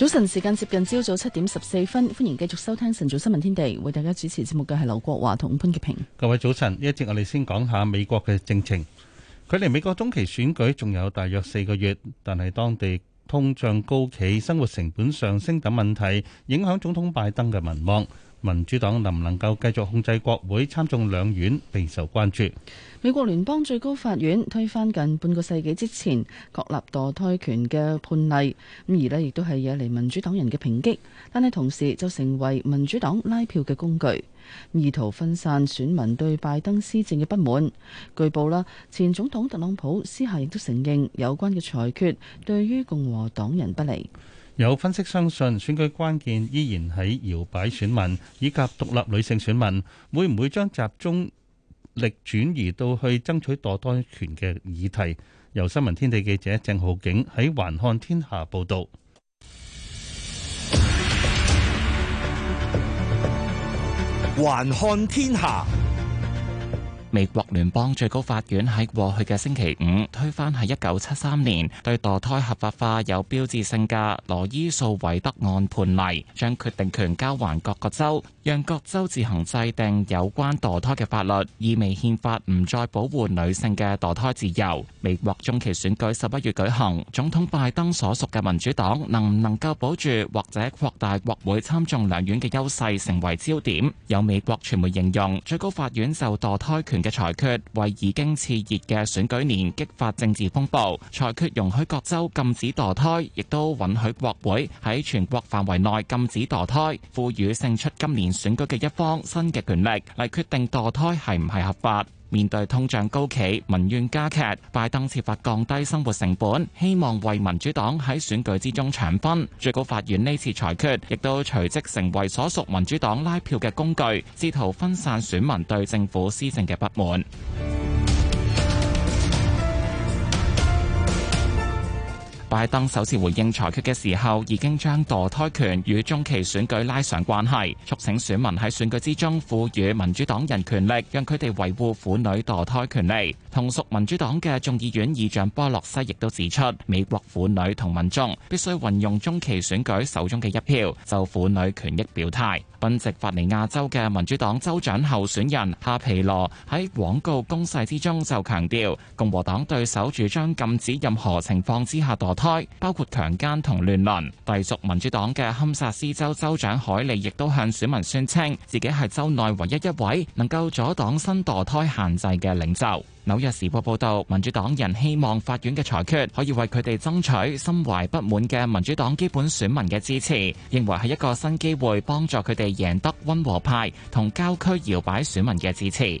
Speaker 3: 早晨時間接近朝早七點十四分，歡迎繼續收聽晨早新聞天地，為大家主持節目嘅係劉國華同潘潔平。
Speaker 4: 各位早晨，呢一節我哋先講下美國嘅政情。距離美國中期選舉仲有大約四個月，但係當地通脹高企、生活成本上升等問題，影響總統拜登嘅民望。民主黨能唔能夠繼續控制國會參眾兩院，備受關注。
Speaker 3: 美國聯邦最高法院推翻近半個世紀之前確立墮胎權嘅判例，咁而呢亦都係惹嚟民主黨人嘅抨擊，但係同時就成為民主黨拉票嘅工具，意圖分散選民對拜登施政嘅不滿。據報啦，前總統特朗普私下亦都承認有關嘅裁決對於共和黨人不利。
Speaker 4: 有分析相信，選舉關鍵依然喺搖擺選民以及獨立女性選民，會唔會將集中力轉移到去爭取墮胎權嘅議題，由新聞天地記者鄭浩景喺《環看天下》報道。環看天下。
Speaker 10: 美國聯邦最高法院喺過去嘅星期五推翻喺一九七三年對墮胎合法化有標誌性嘅羅伊訴韋德案判例，將決定權交還各個州，讓各州自行制定有關墮胎嘅法律，意味憲法唔再保護女性嘅墮胎自由。美國中期選舉十一月舉行，總統拜登所屬嘅民主黨能唔能夠保住或者擴大國會參眾兩院嘅優勢，成為焦點。有美國傳媒形容，最高法院就墮胎權嘅裁決為已經熾熱嘅選舉年激發政治風暴，裁決容許各州禁止墮胎，亦都允許國會喺全國範圍內禁止墮胎，賦予勝出今年選舉嘅一方新嘅權力，嚟決定墮胎係唔係合法。面對通脹高企、民怨加劇，拜登設法降低生活成本，希望為民主黨喺選舉之中搶分。最高法院呢次裁決亦都隨即成為所屬民主黨拉票嘅工具，試圖分散選民對政府施政嘅不滿。拜登首次回應裁決嘅時候，已經將墮胎權與中期選舉拉上關係，促請選民喺選舉之中賦予民主黨人權力，讓佢哋維護婦女墮胎權利。同屬民主黨嘅眾議院議長波洛西亦都指出，美國婦女同民眾必須運用中期選舉手中嘅一票，就婦女權益表態。賓夕法尼亞州嘅民主黨州長候選人夏皮羅喺廣告攻勢之中就強調，共和黨對手主張禁止任何情況之下墮胎。包括強姦同亂倫。隸屬民主黨嘅堪薩斯州州長海利亦都向選民宣稱，自己係州內唯一一位能夠阻擋新墮胎限制嘅領袖。紐約時報報道，民主黨人希望法院嘅裁決可以為佢哋爭取心懷不滿嘅民主黨基本選民嘅支持，認為係一個新機會，幫助佢哋贏得溫和派同郊區搖擺選民嘅支持。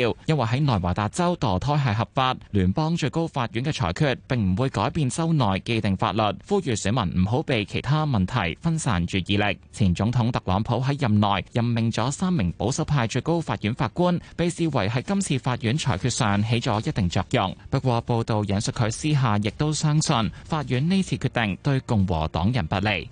Speaker 10: 因為喺內華達州墮胎係合法，聯邦最高法院嘅裁決並唔會改變州內既定法律，呼籲選民唔好被其他問題分散注意力。前總統特朗普喺任內任命咗三名保守派最高法院法官，被視為喺今次法院裁決上起咗一定作用。不過報道引述佢私下亦都相信，法院呢次決定對共和黨人不利。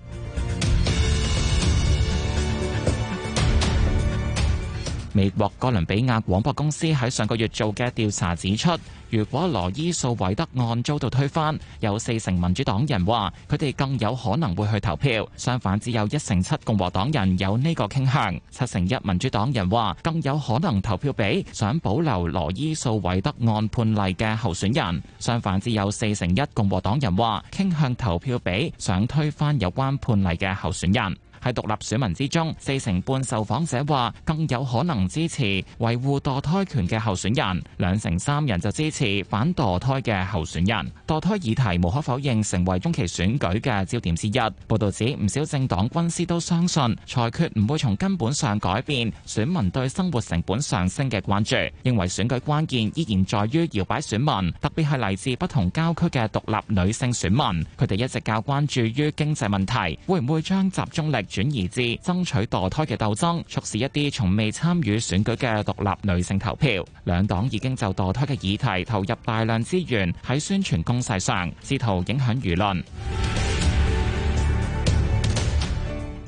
Speaker 10: 美國哥倫比亞廣播公司喺上個月做嘅調查指出，如果羅伊素韋德案遭到推翻，有四成民主黨人話佢哋更有可能會去投票；相反，只有一成七共和黨人有呢個傾向。七成一民主黨人話更有可能投票俾想保留羅伊素韋德案判例嘅候選人；相反，只有四成一共和黨人話傾向投票俾想推翻有關判例嘅候選人。喺獨立選民之中，四成半受訪者話更有可能支持維護墮胎權嘅候選人，兩成三人就支持反墮胎嘅候選人。墮胎議題無可否認成為中期選舉嘅焦點之一。報道指唔少政黨軍師都相信裁決唔會從根本上改變選民對生活成本上升嘅關注，認為選舉關鍵依然在於搖擺選民，特別係嚟自不同郊區嘅獨立女性選民，佢哋一直較關注於經濟問題，會唔會將集中力轉移至爭取墮胎嘅鬥爭，促使一啲從未參與選舉嘅獨立女性投票。兩黨已經就墮胎嘅議題投入大量資源喺宣傳攻勢上，試圖影響輿論。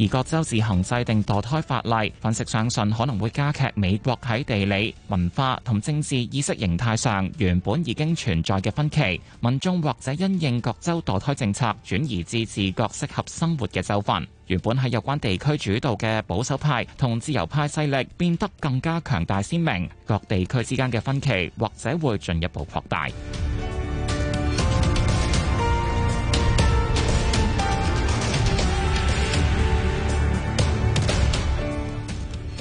Speaker 10: 而各州自行制定墮胎法例，分析相信可能會加劇美國喺地理、文化同政治意識形態上原本已經存在嘅分歧。民眾或者因應各州墮胎政策轉移至自覺適合生活嘅州份，原本喺有關地區主導嘅保守派同自由派勢力變得更加強大鮮明，各地區之間嘅分歧或者會進一步擴大。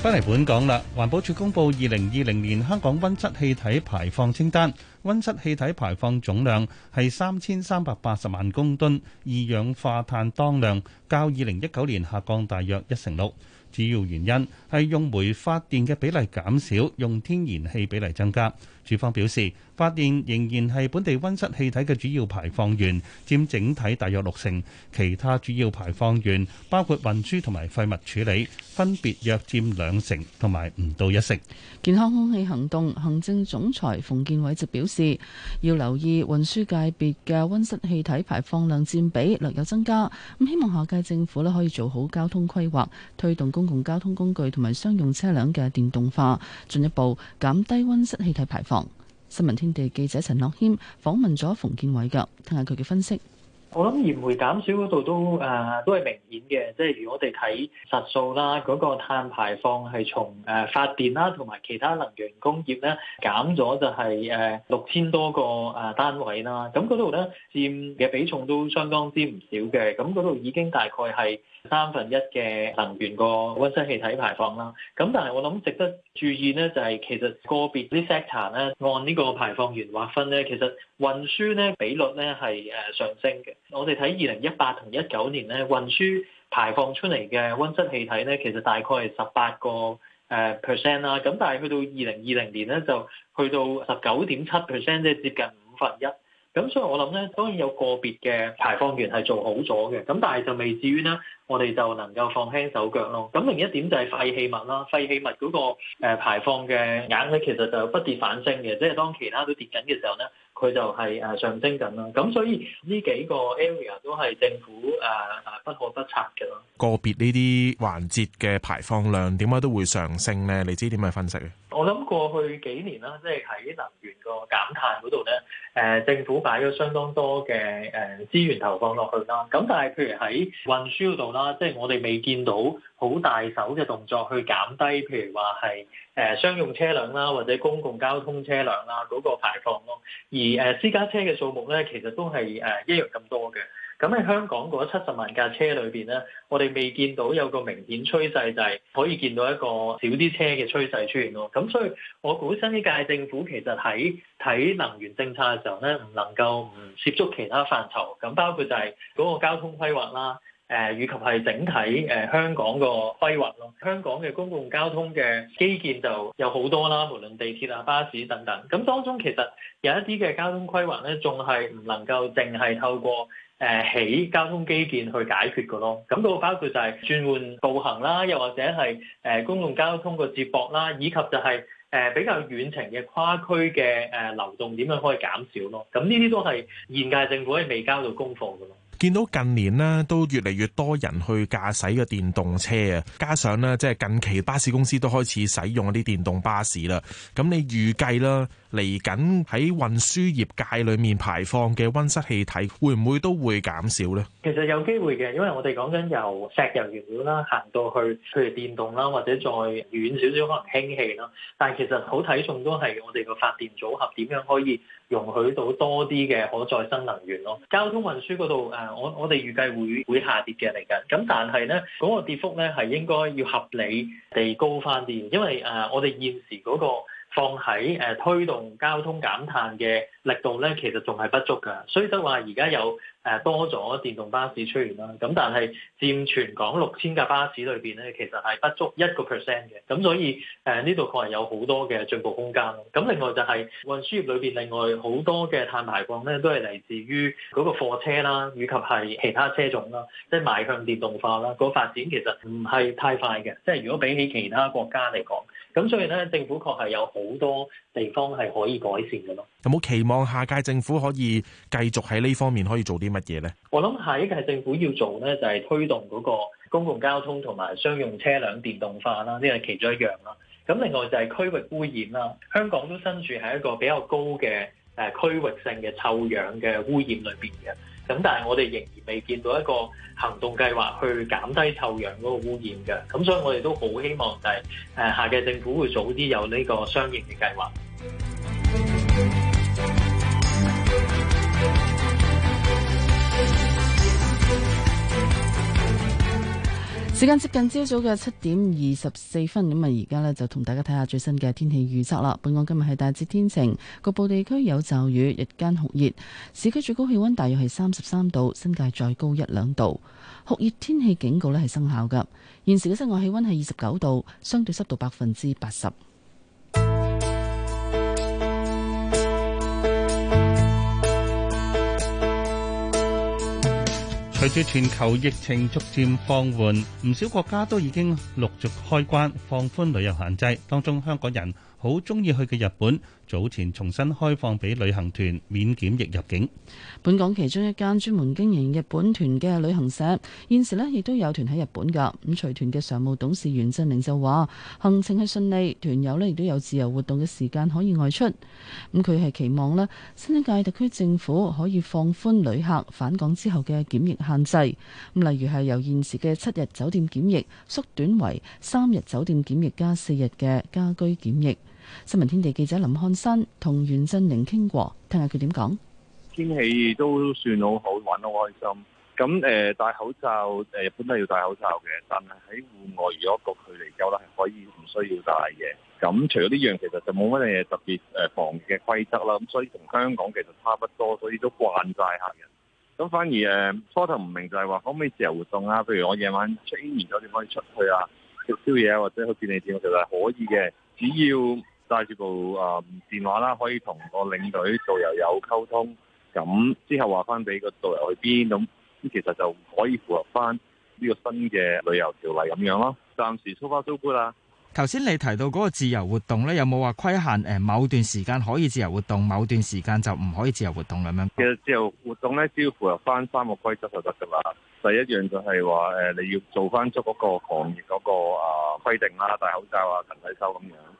Speaker 4: 翻嚟本港啦，環保署公布二零二零年香港溫室氣體排放清單，溫室氣體排放總量係三千三百八十萬公噸，二氧化碳當量較二零一九年下降大約一成六，主要原因係用煤發電嘅比例減少，用天然氣比例增加。主方表示，發電仍然係本地溫室氣體嘅主要排放源，佔整體大約六成；其他主要排放源包括運輸同埋廢物處理，分別約佔兩成同埋唔到一成。健康
Speaker 3: 空氣行動行政總裁馮建偉就表示，要留意運輸界別嘅溫室氣體排放量佔比略有增加，咁希望下屆政府咧可以做好交通規劃，推動公共交通工具同埋商用車輛嘅電動化，進一步減低溫室氣體排放。新聞天地記者陳樂謙訪問咗馮建偉噶，聽下佢嘅分析。
Speaker 16: 我諗燃煤減少嗰度都誒、呃、都係明顯嘅，即係如果我哋睇實數啦，嗰、那個碳排放係從誒、呃、發電啦同埋其他能源工業咧減咗就係、是、誒、呃、六千多個誒單位啦，咁嗰度咧佔嘅比重都相當之唔少嘅，咁嗰度已經大概係三分一嘅能源個温室氣體排放啦。咁但係我諗值得注意咧，就係、是、其實個別啲 sector 咧，按呢個排放源劃分咧，其實運輸咧比率咧係誒上升嘅。我哋睇二零一八同一九年咧，運輸排放出嚟嘅温室氣體咧，其實大概係十八個誒 percent 啦。咁、呃、但係去到二零二零年咧，就去到十九點七 percent，即係接近五分一。咁所以我諗咧，當然有個別嘅排放源係做好咗嘅。咁但係就未至於咧，我哋就能夠放輕手腳咯。咁另一點就係廢棄物啦，廢棄物嗰個排放嘅硬係其實就不跌反升嘅，即係當其他都跌緊嘅時候咧。佢就係誒上升緊啦，咁所以呢幾個 area 都係政府誒誒、啊、不可不察嘅咯。
Speaker 8: 個別呢啲環節嘅排放量點解都會上升咧？你知點樣分析嘅？
Speaker 16: 我諗過去幾年啦，即係喺能源個減碳嗰度咧，誒、呃、政府擺咗相當多嘅誒資源投放落去啦。咁但係譬如喺運輸嗰度啦，即係我哋未見到好大手嘅動作去減低，譬如話係。誒商用車輛啦，或者公共交通車輛啦，嗰個排放咯。而誒私家車嘅數目咧，其實都係誒一樣咁多嘅。咁喺香港嗰七十萬架車裏邊咧，我哋未見到有個明顯趨勢，就係可以見到一個少啲車嘅趨勢出現咯。咁所以我估新一屆政府其實喺睇能源政策嘅時候咧，唔能夠唔涉足其他範疇。咁包括就係嗰個交通規劃啦。誒，以及係整體誒香港個規劃咯。香港嘅公共交通嘅基建就有好多啦，無論地鐵啊、巴士等等。咁當中其實有一啲嘅交通規劃咧，仲係唔能夠淨係透過誒起交通基建去解決㗎咯。咁嗰個包括就係轉換步行啦，又或者係誒公共交通個接駁啦，以及就係誒比較遠程嘅跨區嘅誒流動點樣可以減少咯。咁呢啲都係現屆政府係未交到功課㗎咯。
Speaker 8: 見到近年咧都越嚟越多人去駕駛嗰電動車啊，加上咧即係近期巴士公司都開始使用一啲電動巴士啦，咁你預計啦？嚟緊喺運輸業界裏面排放嘅温室氣體，會唔會都會減少咧？
Speaker 16: 其實有機會嘅，因為我哋講緊由石油原料啦，行到去譬如電動啦，或者再遠少少可能氫氣啦。但係其實好睇重都係我哋個發電組合點樣可以容許到多啲嘅可再生能源咯。交通運輸嗰度誒，我我哋預計會會下跌嘅嚟緊。咁但係咧，嗰個跌幅咧係應該要合理地高翻啲，因為誒我哋現時嗰個。放喺誒推動交通減碳嘅力度咧，其實仲係不足㗎。所以得話而家有誒、呃、多咗電動巴士出現啦，咁但係佔全港六千架巴士裏邊咧，其實係不足一個 percent 嘅。咁所以誒呢度確係有好多嘅進步空間。咁另外就係運輸業裏邊，另外好多嘅碳排放咧，都係嚟自於嗰個貨車啦，以及係其他車種啦，即係邁向電動化啦。個發展其實唔係太快嘅，即係如果比起其他國家嚟講。咁所以咧，政府確係有好多地方係可以改善嘅咯。
Speaker 8: 有冇期望下屆政府可以繼續喺呢方面可以做啲乜嘢咧？
Speaker 16: 我諗下一屆政府要做咧，就係推動嗰個公共交通同埋商用車輛電動化啦，呢係其中一樣啦。咁另外就係區域污染啦，香港都身處喺一個比較高嘅誒區域性嘅臭氧嘅污染裏邊嘅。咁但係我哋仍然未見到一個行動計劃去減低臭氧嗰個污染嘅，咁所以我哋都好希望就係誒下屆政府會早啲有呢個相
Speaker 10: 應嘅計劃。
Speaker 3: 時間接近朝早嘅七點二十四分，咁啊，而家呢就同大家睇下最新嘅天氣預測啦。本港今日係大致天晴，局部地區有驟雨，日間酷熱，市區最高氣溫大約係三十三度，新界再高一兩度。酷熱天氣警告呢係生效㗎。現時嘅室外氣溫係二十九度，相對濕度百分之八十。
Speaker 4: 隨住全球疫情逐漸放緩，唔少國家都已經陸續開關，放寬旅遊限制。當中香港人好鍾意去嘅日本，早前重新開放俾旅行團免檢疫入境。
Speaker 3: 本港其中一間專門經營日本團嘅旅行社，現時呢亦都有團喺日本㗎。咁隨團嘅常務董事袁振寧就話：行程係順利，團友呢亦都有自由活動嘅時間可以外出。咁佢係期望咧，新一屆特區政府可以放寬旅客返港之後嘅檢疫限制。咁例如係由現時嘅七日酒店檢疫縮短為三日酒店檢疫加四日嘅家居檢疫。新聞天地記者林漢山同袁振寧傾過，聽下佢點講。
Speaker 5: 天氣都算好好，玩得開心。咁誒，戴口罩誒，本來都要戴口罩嘅。但係喺戶外如果個距離夠咧，可以唔需要戴嘅。咁除咗呢樣，其實就冇乜嘢特別誒防疫嘅規則啦。咁所以同香港其實差不多，所以都慣晒客人。咁反而誒初頭唔明就係話可唔可以自由活動啊？譬如我夜晚出完門咗點可以出去啊？食宵夜啊，或者去便利店，其實係可以嘅，只要。帶住部啊電話啦，可以同個領隊導遊有溝通。咁之後話翻俾個導遊去邊咁，咁其實就可以符合翻呢個新嘅旅遊條例咁樣咯。暫時收翻租攰啦。
Speaker 14: 頭先你提到嗰個自由活動咧，有冇話規限誒？某段時間可以自由活動，某段時間就唔可以自由活動咁樣？
Speaker 5: 其實自由活動咧，只要符合翻三個規則就得噶啦。第一樣就係話誒，你要做翻出嗰個行業嗰個啊規定啦，戴口罩啊，勤洗手咁樣。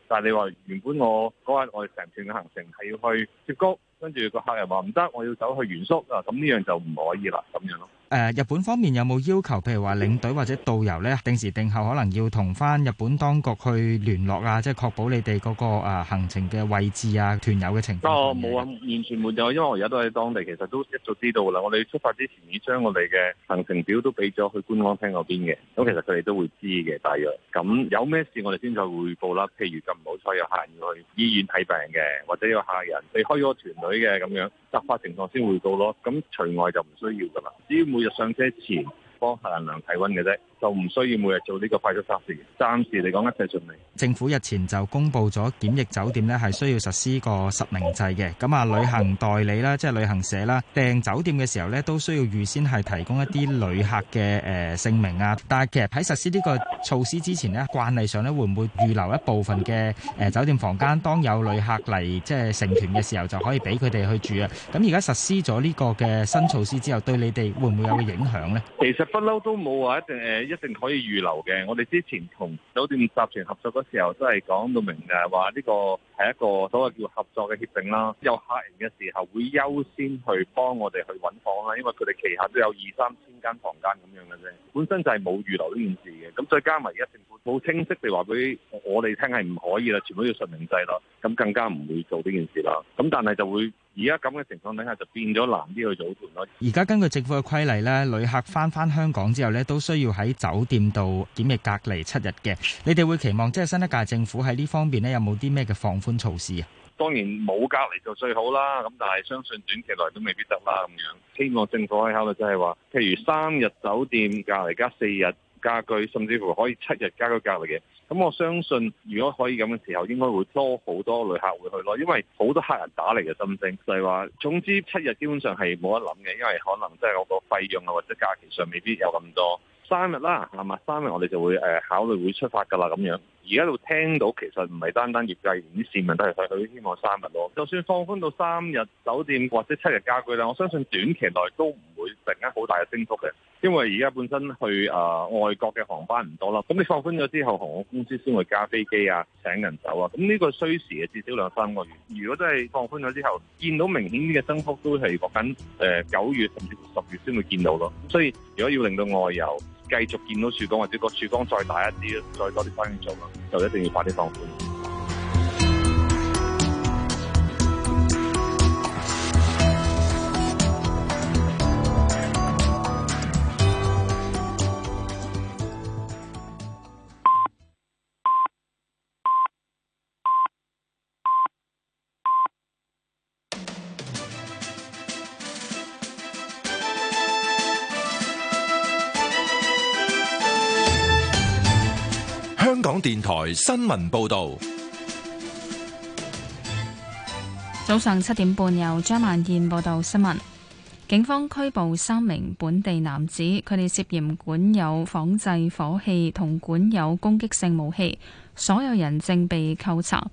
Speaker 5: 但係你話原本我嗰日我哋成團嘅行程係要去接谷，跟住個客人話唔得，我要走去原宿，啊，咁呢樣就唔可以啦，咁樣咯。
Speaker 14: 誒，日本方面有冇要求，譬如話領隊或者導遊咧，定時定候可能要同翻日本當局去聯絡啊，即係確保你哋嗰個啊行程嘅位置啊，團友嘅情
Speaker 5: 況？都冇啊，完全沒有，因為我而家都喺當地，其實都一早知道啦。我哋出發之前已將我哋嘅行程表都俾咗去觀光廳嗰邊嘅，咁其實佢哋都會知嘅大約。咁有咩事我哋先再匯報啦。譬如就唔好彩有行，要去醫院睇病嘅，或者有客人被開咗團隊嘅咁樣，突發情況先匯報咯，咁除外就唔需要噶啦，只要每日上車前幫客人量體溫嘅啫。就唔需要每日做呢個快速測試嘅，暫時嚟講一切
Speaker 14: 順利。政府日前就公布咗檢疫酒店咧，係需要實施個實名制嘅。咁啊，旅行代理啦，即係旅行社啦，訂酒店嘅時候咧，都需要預先係提供一啲旅客嘅誒姓名啊。但係其實喺實施呢個措施之前咧，慣例上咧會唔會預留一部分嘅誒酒店房間，當有旅客嚟即係成團嘅時候，就可以俾佢哋去住啊？咁而家實施咗呢個嘅新措施之後，對你哋會唔會有個影響咧？
Speaker 5: 其實不嬲都冇話一定誒。一定可以預留嘅。我哋之前同酒店集團合作嗰時候，都係講到明嘅，話呢個係一個所謂叫合作嘅協定啦。有客人嘅時候會優先去幫我哋去揾房啦，因為佢哋旗下都有二三千間房間咁樣嘅啫。本身就係冇預留呢件事嘅。咁再加埋而家政府好清晰地話俾我哋聽係唔可以啦，全部要實名制啦。咁更加唔會做呢件事啦。咁但係就會。而家咁嘅情況底下，就變咗難啲去組團咯。
Speaker 14: 而家根據政府嘅規例咧，旅客翻返香港之後咧，都需要喺酒店度檢疫隔離七日嘅。你哋會期望即係新一屆政府喺呢方面咧，有冇啲咩嘅放寬措施啊？
Speaker 5: 當然冇隔離就最好啦，咁但係相信短期內都未必得啦。咁樣希望政府可以考慮即係話，譬如三日酒店隔離加四日家居，甚至乎可以七日加個隔離嘅。咁、嗯、我相信，如果可以咁嘅時候，應該會多好多旅客會去咯。因為好多客人打嚟嘅心聲就係、是、話，總之七日基本上係冇得諗嘅，因為可能即係我個費用啊，或者假期上未必有咁多。三日啦，係咪？三日我哋就會誒、呃、考慮會出發噶啦，咁樣。而家度聽到其實唔係單單業界，而啲市民都係佢希望三日咯。就算放寬到三日酒店或者七日家居咧，我相信短期內都唔會突然間好大嘅升幅嘅，因為而家本身去誒、呃、外國嘅航班唔多啦。咁你放寬咗之後，航空公司先會加飛機啊、請人走啊。咁呢個需時啊，至少兩三個月。如果真係放寬咗之後，見到明顯啲嘅升幅都係講緊誒九月甚至十月先會見到咯。所以如果要令到外遊，繼續見到曙光，或者個曙光再大一啲，再多啲翻去做啦，就一定要快啲放款。
Speaker 1: 電台新聞報道，
Speaker 11: 早上七點半由張萬燕報道新聞。警方拘捕三名本地男子，佢哋涉嫌管有仿製火器同管有攻擊性武器，所有人正被扣查。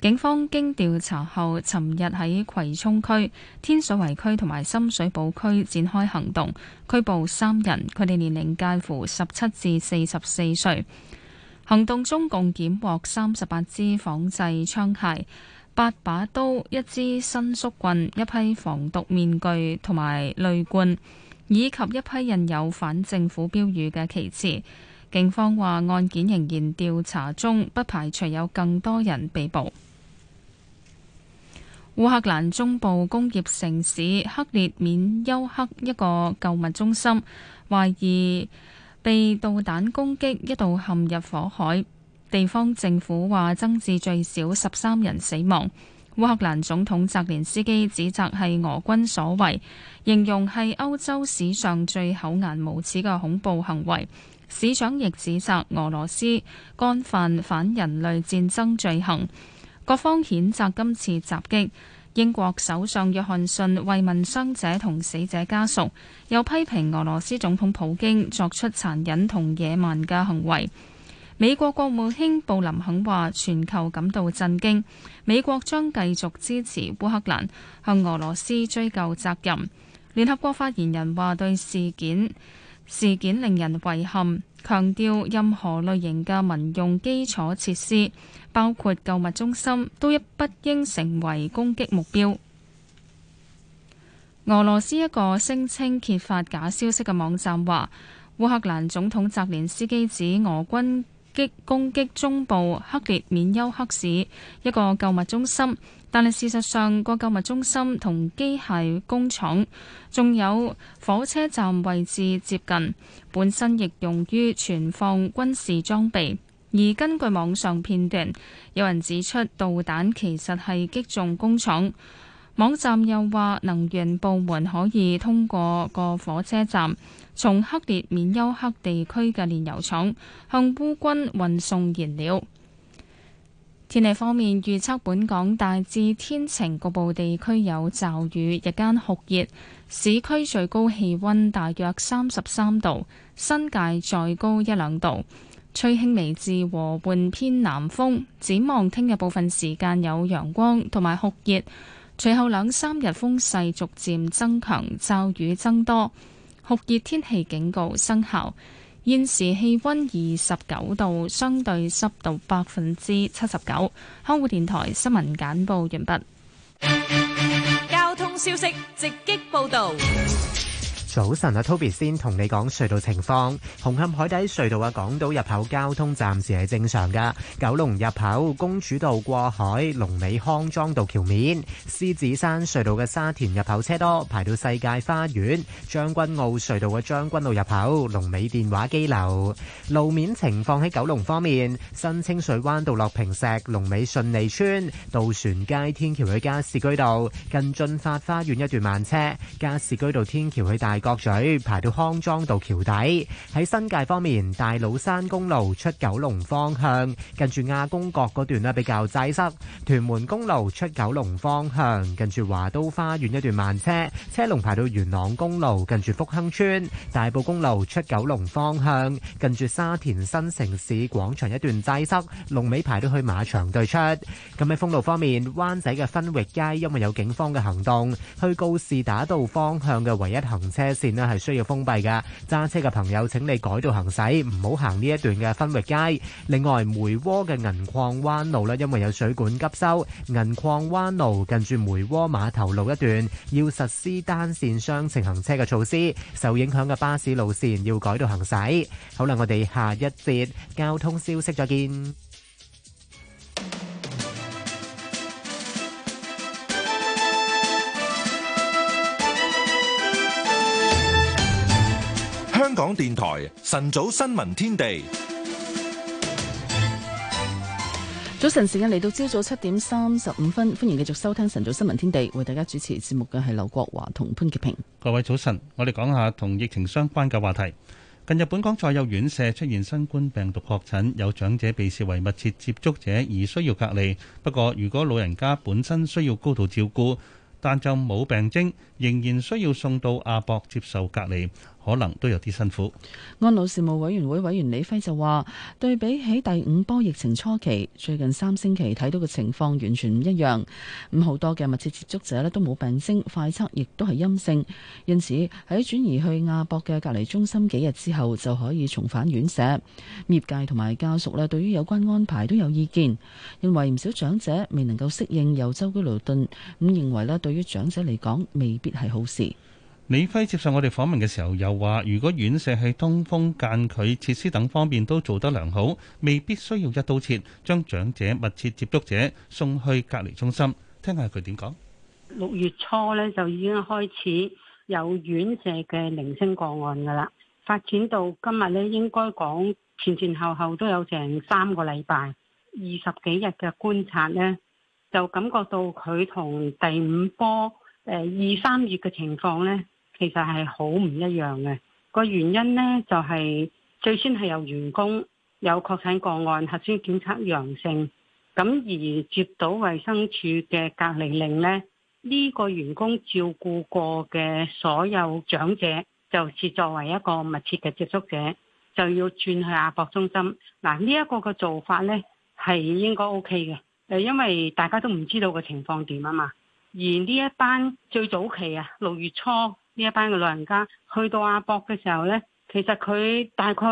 Speaker 11: 警方經調查後，尋日喺葵涌區、天水圍區同埋深水埗區展開行動，拘捕三人，佢哋年齡介乎十七至四十四歲。行動中共檢獲三十八支仿製槍械、八把刀、一支伸縮棍、一批防毒面具同埋濾罐，以及一批印有反政府標語嘅旗幟。警方話案件仍然調查中，不排除有更多人被捕。烏克蘭中部工業城市克列緬丘克一個購物中心，懷疑被導彈攻擊，一度陷入火海，地方政府話增至最少十三人死亡。烏克蘭總統澤連斯基指責係俄軍所為，形容係歐洲史上最厚顏無恥嘅恐怖行為。市長亦指責俄羅斯干犯反人類戰爭罪行，各方譴責今次襲擊。英國首相約翰遜慰問傷者同死者家屬，又批評俄羅斯總統普京作出殘忍同野蠻嘅行為。美國國務卿布林肯話：全球感到震驚，美國將繼續支持烏克蘭，向俄羅斯追究責任。聯合國發言人話：對事件。事件令人遺憾，強調任何類型嘅民用基礎設施，包括購物中心，都一不應成為攻擊目標。俄羅斯一個聲稱揭發假消息嘅網站話，烏克蘭總統澤連斯基指俄軍擊攻擊中部克列緬丘克市，一個購物中心。但係事實上，個購物中心同機械工廠仲有火車站位置接近，本身亦用於存放軍事裝備。而根據網上片段，有人指出導彈其實係擊中工廠。網站又話能源部門可以通過個火車站，從克列緬丘克地區嘅煉油廠向烏軍運送燃料。天氣方面，預測本港大致天晴，局部地區有驟雨，日間酷熱，市區最高氣溫大約三十三度，新界再高一兩度，吹輕微至和緩偏南風。展望聽日部分時間有陽光同埋酷熱，隨後兩三日風勢逐漸增強，驟雨增多，酷熱天氣警告生效。現時氣溫二十九度，相對濕度百分之七十九。香港電台新聞簡報完畢。
Speaker 2: 交通消息直擊報道。
Speaker 12: 早晨阿 Toby 先同你講隧道情況。紅磡海底隧道嘅港島入口交通暫時係正常噶。九龍入口公主道過海、龍尾康莊道橋面、獅子山隧道嘅沙田入口車多，排到世界花園、將軍澳隧道嘅將軍澳入口、龍尾電話機樓路面情況，喺九龍方面，新清水灣道落坪石、龍尾順利村、渡船街天橋去加士居道近駿發花園一段慢車，加士居道天橋去大主持人:角咀排到康莊道橋底。喺新界方面，大老山公路出九龍方向近住亞公角嗰段，比較擠塞。屯門公路出九龍方向近住華都花園一段慢車，車龍排到元朗公路近住福亨村。大埔公路出九龍方向近住沙田新城市廣場一段擠塞，龍尾排到去馬場對出咁。喺封路方面，灣仔嘅分域街因為有警方嘅行動，去告士打道方向嘅唯一行車線呢係需要封閉㗎，揸車嘅朋友請你改道行駛，唔好行呢一段嘅分域街。另外，梅窩嘅銀礦灣路呢，因為有水管急修，銀礦灣路近住梅窩碼頭路一段要實施單線雙程行車嘅措施，受影響嘅巴士路線要改道行駛。好啦，我哋下一節交通消息再見。
Speaker 1: 香港電台晨早新聞天地，
Speaker 3: 早晨時間嚟到朝早七點三十五分，歡迎繼續收聽晨早新聞天地，為大家主持節目嘅係劉國華同潘潔平。
Speaker 4: 各位早晨，我哋講下同疫情相關嘅話題。近日本港再有院舍出現新冠病毒確診，有長者被視為密切接觸者而需要隔離。不過，如果老人家本身需要高度照顧，但就冇病徵，仍然需要送到阿博接受隔離，可能都有啲辛苦。
Speaker 3: 安老事務委員會委員李輝就話，對比起第五波疫情初期，最近三星期睇到嘅情況完全唔一樣。咁好多嘅密切接觸者咧都冇病徵，快測亦都係陰性，因此喺轉移去亞博嘅隔離中心幾日之後就可以重返院舍。業界同埋家屬咧對於有關安排都有意見，認為唔少長者未能夠適應由舟車勞頓，咁認為咧對於長
Speaker 4: 者嚟講未必係好事。李輝接受我哋訪問嘅時候又話，如果院舍喺通風、間距、設施等方面都做得良好，未必需要一刀切，將長者密切接觸者送去隔離中心。聽下佢點講。
Speaker 17: 六月初咧就已經開始有院舍嘅零星個案噶啦，發展到今日咧，應該講前前後後都有成三個禮拜、二十幾日嘅觀察咧，就感覺到佢同第五波誒二三月嘅情況咧。其實係好唔一樣嘅個原因呢，就係，就係最先係有員工有確診個案核酸檢測陽性，咁而接到衛生署嘅隔離令呢，呢、呢個員工照顧過嘅所有長者，就是作為一個密切嘅接觸者，就要轉去亞博中心嗱。呢、啊、一、個嘅做法呢係應該 O K 嘅，誒，因為大家都唔知道個情況點啊嘛。而呢一班最早期啊，六月初。呢一班嘅老人家去到亞博嘅時候呢，其實佢大概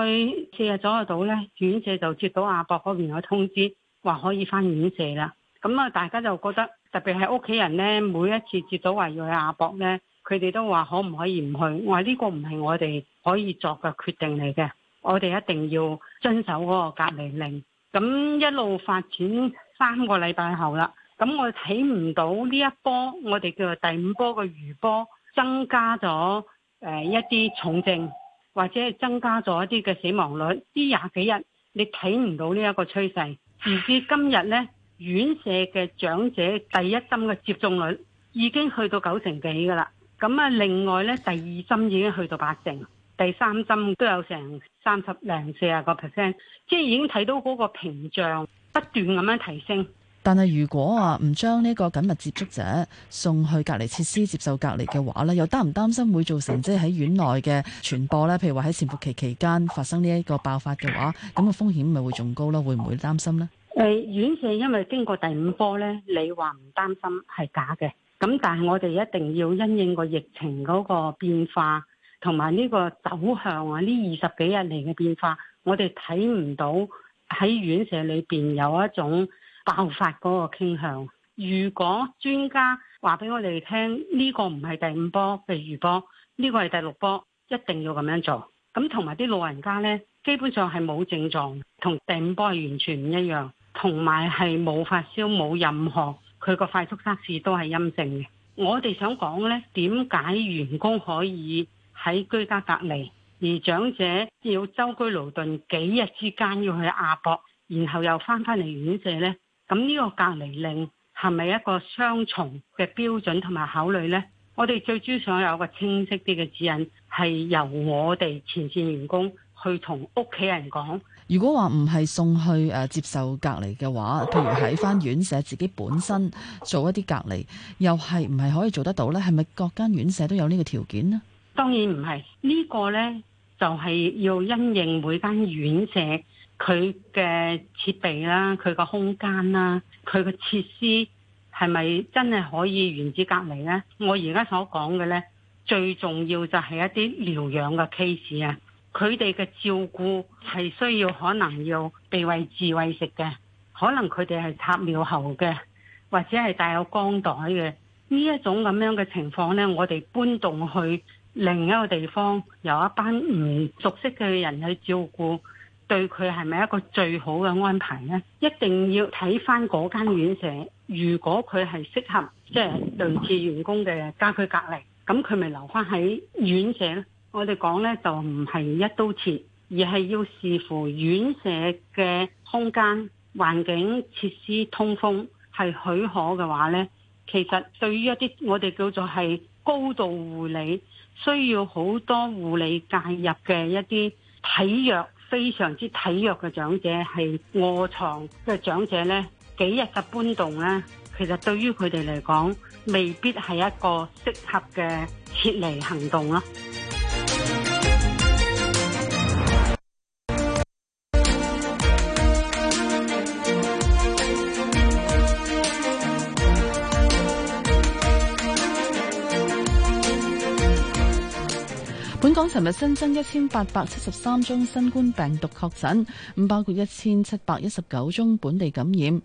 Speaker 17: 四日左右到呢，院舍就接到亞博嗰邊嘅通知，話可以翻院舍啦。咁啊，大家就覺得特別係屋企人呢，每一次接到話要去亞博呢，佢哋都話可唔可以唔去？我話呢個唔係我哋可以作嘅決定嚟嘅，我哋一定要遵守嗰個隔離令。咁一路發展三個禮拜後啦，咁我睇唔到呢一波我哋叫做第五波嘅餘波。增加咗誒一啲重症，或者增加咗一啲嘅死亡率。呢廿幾日你睇唔到呢一個趨勢，直至今日呢，院舍嘅長者第一針嘅接種率已經去到九成幾㗎啦。咁啊，另外呢，第二針已經去到八成，第三針都有成三十零四十個 percent，即係已經睇到嗰個屏障不斷咁樣提升。
Speaker 3: 但係如果啊唔將呢個緊密接觸者送去隔離設施接受隔離嘅話咧，又擔唔擔心會造成即係喺院內嘅傳播咧？譬如話喺潛伏期期間發生呢一個爆發嘅話，咁個風險咪會仲高咯？會唔會擔心咧？
Speaker 17: 誒，院舍因為經過第五波咧，你話唔擔心係假嘅。咁但係我哋一定要因應個疫情嗰個變化同埋呢個走向啊，呢二十幾日嚟嘅變化，我哋睇唔到喺院舍裏邊有一種。爆發嗰個傾向，如果專家話俾我哋聽，呢個唔係第五波嘅餘波，呢個係第六波，一定要咁樣做。咁同埋啲老人家呢，基本上係冇症狀，同第五波係完全唔一樣，同埋係冇發燒，冇任何佢個快速測試都係陰性嘅。我哋想講呢，點解員工可以喺居家隔離，而長者要舟居勞頓幾日之間要去亞博，然後又翻返嚟院舍呢？咁呢個隔離令係咪一個雙重嘅標準同埋考慮呢？我哋最主要有個清晰啲嘅指引，係由我哋前線員工去同屋企人講。
Speaker 3: 如果話唔係送去誒接受隔離嘅話，譬如喺返院舍自己本身做一啲隔離，又係唔係可以做得到呢？係咪各間院舍都有呢個條件呢？
Speaker 17: 當然唔係，呢、呢個呢，就係、係、要因應每間院舍。佢嘅設備啦，佢個空間啦，佢個設施係咪真係可以源自隔離呢？我而家所講嘅呢，最重要就係一啲療養嘅 case 啊，佢哋嘅照顧係需要可能要備餵自餵食嘅，可能佢哋係插尿喉嘅，或者係帶有肛袋嘅呢一種咁樣嘅情況呢，我哋搬動去另一個地方，由一班唔熟悉嘅人去照顧。對佢係咪一個最好嘅安排呢？一定要睇返嗰間院舍。如果佢係適合，即係類似員工嘅家居隔離，咁佢咪留返喺院舍。我哋講呢，就唔係一刀切，而係要視乎院舍嘅空間、環境、設施、通風係許可嘅話呢，其實對於一啲我哋叫做係高度護理，需要好多護理介入嘅一啲體弱。非常之體弱嘅長者係卧床嘅長者呢，幾日嘅搬動呢，其實對於佢哋嚟講，未必係一個適合嘅撤離行動咯。
Speaker 3: 港尋日新增一千八百七十三宗新冠病毒確診，唔包括一千七百一十九宗本地感染。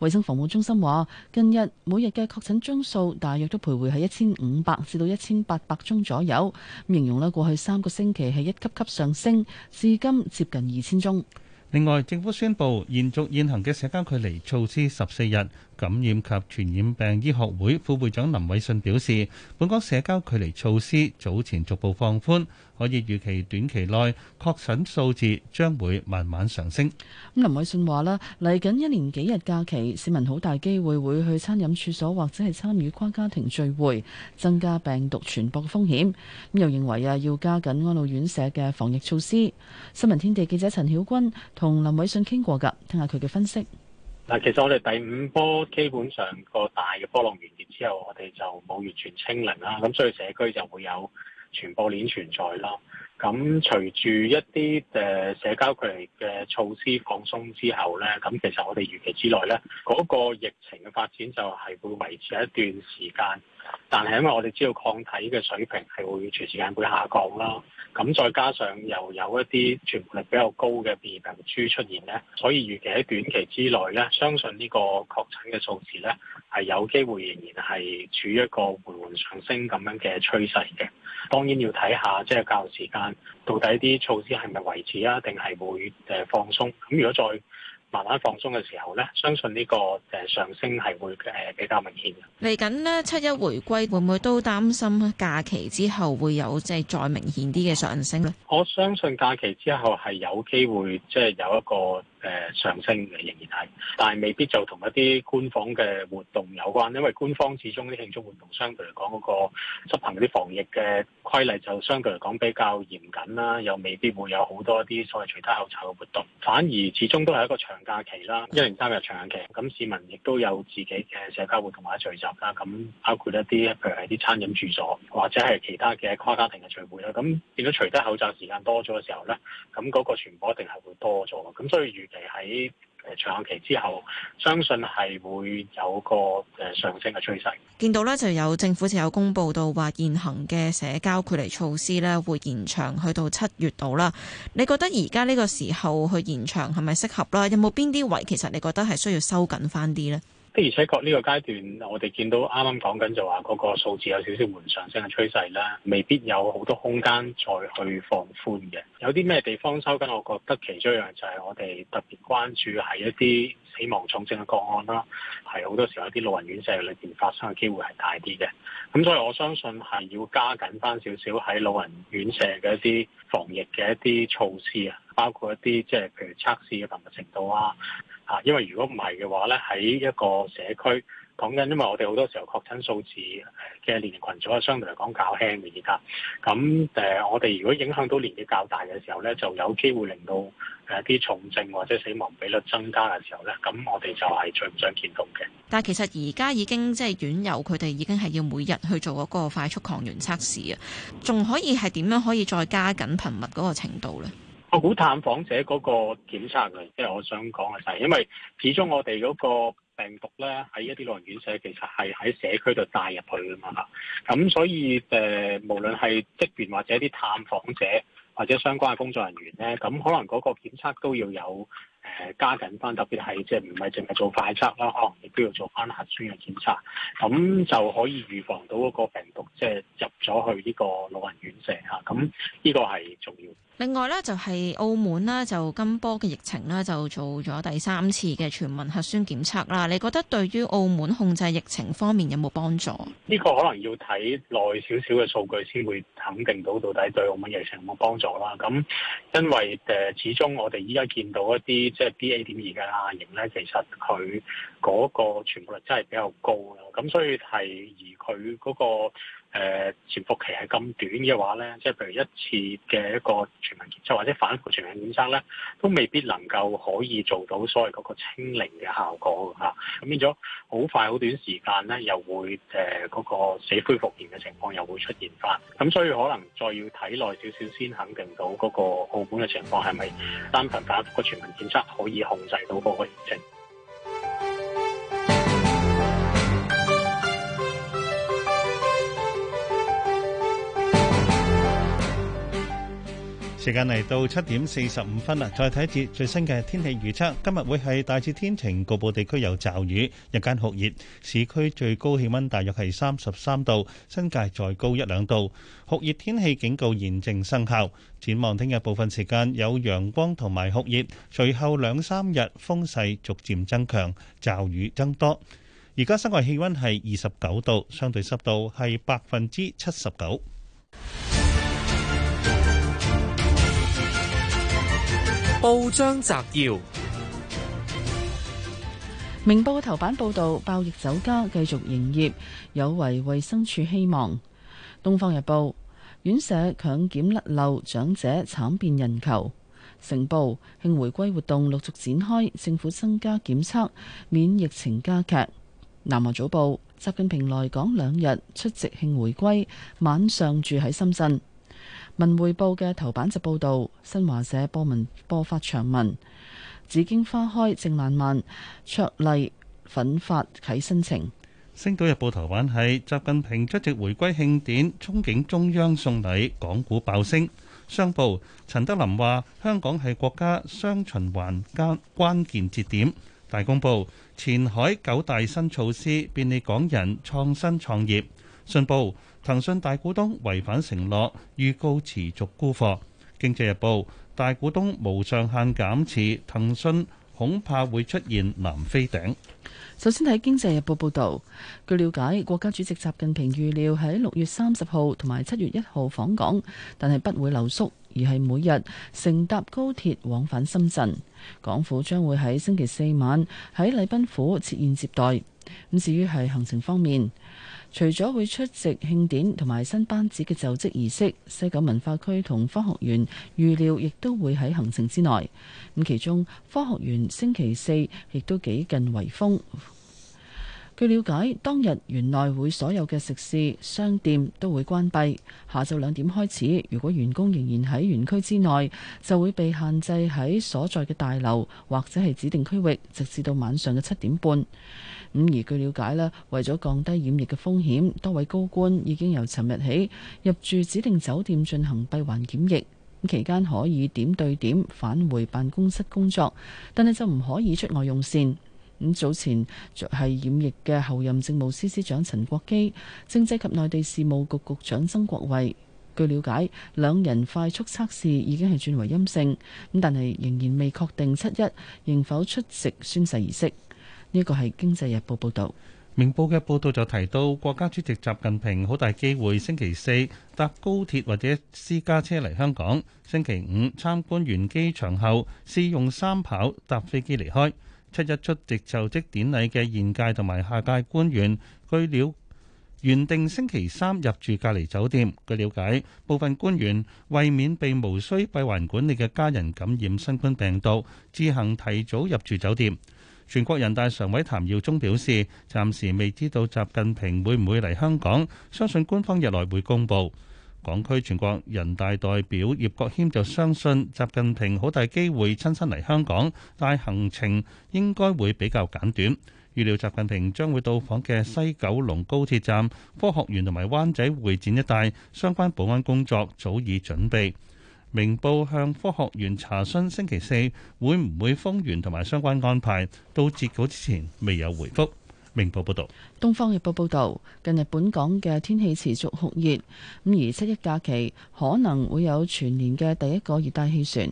Speaker 3: 衛生防護中心話，近日每日嘅確診宗數大約都徘徊喺一千五百至到一千八百宗左右。形容咧，過去三個星期係一級級上升，至今接近二千宗。
Speaker 4: 另外，政府宣布延續現行嘅社交距離措施十四日。感染及傳染病醫學會副會長林偉信表示，本港社交距離措施早前逐步放寬，可以預期短期內確診數字將會慢慢上升。
Speaker 3: 咁林偉信話啦，嚟緊一年幾日假期，市民好大機會會去餐飲處所或者係參與跨家庭聚會增加病毒傳播風險，咁又認為啊，要加緊安老院舍嘅防疫措施。新聞天地記者陳曉君同林偉信傾過噶，聽下佢嘅分析。
Speaker 18: 嗱，其實我哋第五波基本上個大嘅波浪完結之後，我哋就冇完全清零啦，咁所以社區就會有傳播鏈存在咯。咁隨住一啲誒社交距離嘅措施放鬆之後咧，咁其實我哋預期之內咧，嗰個疫情嘅發展就係會維持一段時間，但係因為我哋知道抗體嘅水平係會隨時間會下降啦。咁再加上又有一啲傳播力比較高嘅變異病毒株出現咧，所以預期喺短期之內咧，相信呢個確診嘅數字咧係有機會仍然係處於一個緩緩上升咁樣嘅趨勢嘅。當然要睇下即係間時間到底啲措施係咪維持啊，定係會誒放鬆？咁如果再慢慢放鬆嘅時候咧，相信呢個誒上升係會誒比較明顯嘅。
Speaker 19: 嚟緊咧，七一回歸，會唔會都擔心假期之後會有即係再明顯啲嘅上升咧？
Speaker 18: 我相信假期之後係有機會即係有一個。誒、呃、上升嘅仍然係，但係未必就同一啲官方嘅活動有關，因為官方始終啲慶祝活動相對嚟講嗰個執行啲防疫嘅規例就相對嚟講比較嚴謹啦，又未必會有好多一啲所謂除低口罩嘅活動，反而始終都係一個長假期啦，一零三日長假期，咁市民亦都有自己嘅社交活動或者聚集啦，咁包括一啲譬如係啲餐飲住所或者係其他嘅跨家庭嘅聚會啦，咁變咗除低口罩時間多咗嘅時候咧，咁嗰個傳播一定係會多咗，咁所以如誒喺誒長期之後，相信係會有個誒上升嘅趨勢。
Speaker 19: 見到呢就有政府就有公布到話，現行嘅社交距離措施呢會延長去到七月度啦。你覺得而家呢個時候去延長係咪適合啦？有冇邊啲位其實你覺得係需要收緊翻啲呢？
Speaker 18: 而且呢個階段，我哋見到啱啱講緊就話嗰個數字有少少緩上升嘅趨勢啦，未必有好多空間再去放寬嘅。有啲咩地方收緊？我覺得其中一樣就係我哋特別關注係一啲死亡重症嘅個案啦，係好多時候有啲老人院舍裏邊發生嘅機會係大啲嘅，咁所以我相信係要加緊翻少少喺老人院舍嘅一啲防疫嘅一啲措施啊，包括一啲即係譬如測試嘅頻密程度啊，啊，因為如果唔係嘅話咧，喺一個社區，講緊，因為我哋好多時候確診數字嘅年齡羣組係相對嚟講較輕嘅，而家咁誒，我哋如果影響到年紀較大嘅時候咧，就有機會令到誒啲重症或者死亡比率增加嘅時候咧，咁我哋就係最唔想見到嘅。
Speaker 19: 但係其實而家已經即係院友佢哋已經係要每日去做嗰個快速抗原測試啊，仲可以係點樣可以再加緊頻密嗰個程度咧？
Speaker 18: 我估探訪者嗰個檢測嘅，即係我想講嘅就係因為始終我哋嗰個。病毒呢喺一啲老人院舍，其實係喺社區度帶入去㗎嘛，咁所以誒、呃，無論係職員或者啲探訪者或者相關嘅工作人員呢，咁可能嗰個檢測都要有誒、呃、加緊返，特別係即係唔係淨係做快測啦，可能亦都要做返核酸嘅檢測，咁就可以預防到嗰個病毒即係、就是、入咗去呢個老人院舍吓，咁呢個係重要。
Speaker 19: 另外咧，就係、是、澳門咧，就今波嘅疫情咧，就做咗第三次嘅全民核酸檢測啦。你覺得對於澳門控制疫情方面有冇幫助？
Speaker 18: 呢個可能要睇耐少少嘅數據先會肯定到到底對澳門疫情有冇幫助啦。咁因為誒、呃，始終我哋依家見到一啲即係 BA. 點二嘅亞型咧，其實佢嗰個傳播率真係比較高啦。咁所以係而佢嗰、那個。誒潛、呃、伏期係咁短嘅話咧，即係譬如一次嘅一個全民檢測或者反覆全民檢測咧，都未必能夠可以做到所謂嗰個清零嘅效果嚇，咁、啊、變咗好快好短時間咧，又會誒嗰、呃那個死灰復燃嘅情況又會出現翻，咁、啊、所以可能再要睇耐少少先肯定到嗰個澳門嘅情況係咪單憑反覆個全民檢測可以控制到嗰個疫情。
Speaker 4: 時間嚟到七點四十五分啦，再睇一節最新嘅天氣預測。今日會係大致天晴，局部地區有驟雨，日間酷熱，市區最高氣溫大約係三十三度，新界再高一兩度。酷熱天氣警告現正生效。展望聽日部分時間有陽光同埋酷熱，隨後兩三日風勢逐漸增強，驟雨增多。而家室外氣溫係二十九度，相對濕度係百分之七十九。報章摘要：
Speaker 3: 明報頭版報道，爆疫酒家繼續營業，有違衛生署希望。東方日報，院舍強檢甩漏，長者慘變人球。成報，慶回歸活動陸續展開，政府增加檢測，免疫情加劇。南華早報，習近平來港兩日，出席慶回歸，晚上住喺深圳。文匯報嘅頭版就報道，新華社播文播發長文。紫荊花開正爛漫，卓麗奮發啟新程。
Speaker 4: 星島日報頭版係習近平出席回歸慶典，憧憬中央送禮，港股爆升。商報陳德霖話：香港係國家雙循環加關鍵節點。大公報前海九大新措施，便利港人創新創業。信報。騰訊大股東違反承諾，預告持續沽貨。經濟日報大股東無上限減持騰訊，恐怕會出現南非頂。
Speaker 3: 首先睇經濟日報報導，據了解，國家主席習近平預料喺六月三十號同埋七月一號訪港，但係不會留宿，而係每日乘搭高鐵往返深圳。港府將會喺星期四晚喺禮賓府設宴接待。咁至於係行程方面。除咗會出席慶典同埋新班子嘅就職儀式，西九文化區同科學園預料亦都會喺行程之內。咁其中科學園星期四亦都幾近圍封。據了解，當日園內會所有嘅食肆、商店都會關閉。下晝兩點開始，如果員工仍然喺園區之內，就會被限制喺所在嘅大樓或者係指定區域，直至到晚上嘅七點半。咁、嗯、而據了解咧，為咗降低染疫嘅風險，多位高官已經由尋日起入住指定酒店進行閉環檢疫。期間可以點對點返回辦公室工作，但係就唔可以出外用膳。咁早前係染疫嘅後任政務司司長陳國基、政制及內地事務局局長曾國衛，據瞭解，兩人快速測試已經係轉為陰性，咁但係仍然未確定七一仍否出席宣誓儀式。
Speaker 4: 呢個係《經濟日報》報導。明報嘅報導就提到，國家主席習近平好大機會星期四搭高鐵或者私家車嚟香港，星期五參觀完機場後，試用三跑搭飛機離開。七一出席就職典禮嘅現屆同埋下屆官員，據了原定星期三入住隔離酒店。據了解，部分官員為免被無需閉環管理嘅家人感染新冠病毒，自行提早入住酒店。全國人大常委譚耀宗表示，暫時未知道習近平會唔會嚟香港，相信官方日內會公佈。港區全國人大代表葉國謙就相信習近平好大機會親身嚟香港，但行程應該會比較簡短。預料習近平將會到訪嘅西九龍高鐵站、科學園同埋灣仔會展一帶，相關保安工作早已準備。明報向科學園查詢星期四會唔會封園同埋相關安排，到截稿之前未有回覆。明報報導，
Speaker 3: 《東方日報》報道。近日本港嘅天氣持續酷熱，咁而七一假期可能會有全年嘅第一個熱帶氣旋。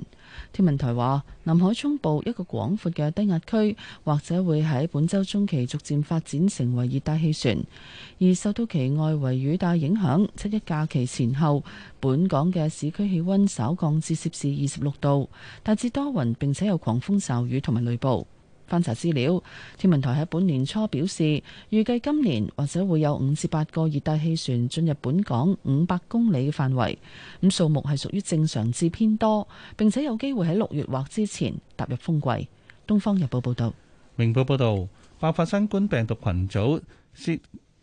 Speaker 3: 天文台話，南海中部一個廣闊嘅低壓區，或者會喺本周中期逐漸發展成為熱帶氣旋，而受到其外圍雨帶影響，七一假期前後，本港嘅市區氣温稍降至攝氏二十六度，大致多雲並且有狂風驟雨同埋雷暴。翻查資料，天文台喺本年初表示，預計今年或者會有五至八個熱帶氣旋進入本港五百公里範圍，咁數目係屬於正常至偏多，並且有機會喺六月或之前踏入風季。《東方日報》報道：
Speaker 4: 《明報》報道，爆發新冠病毒群組涉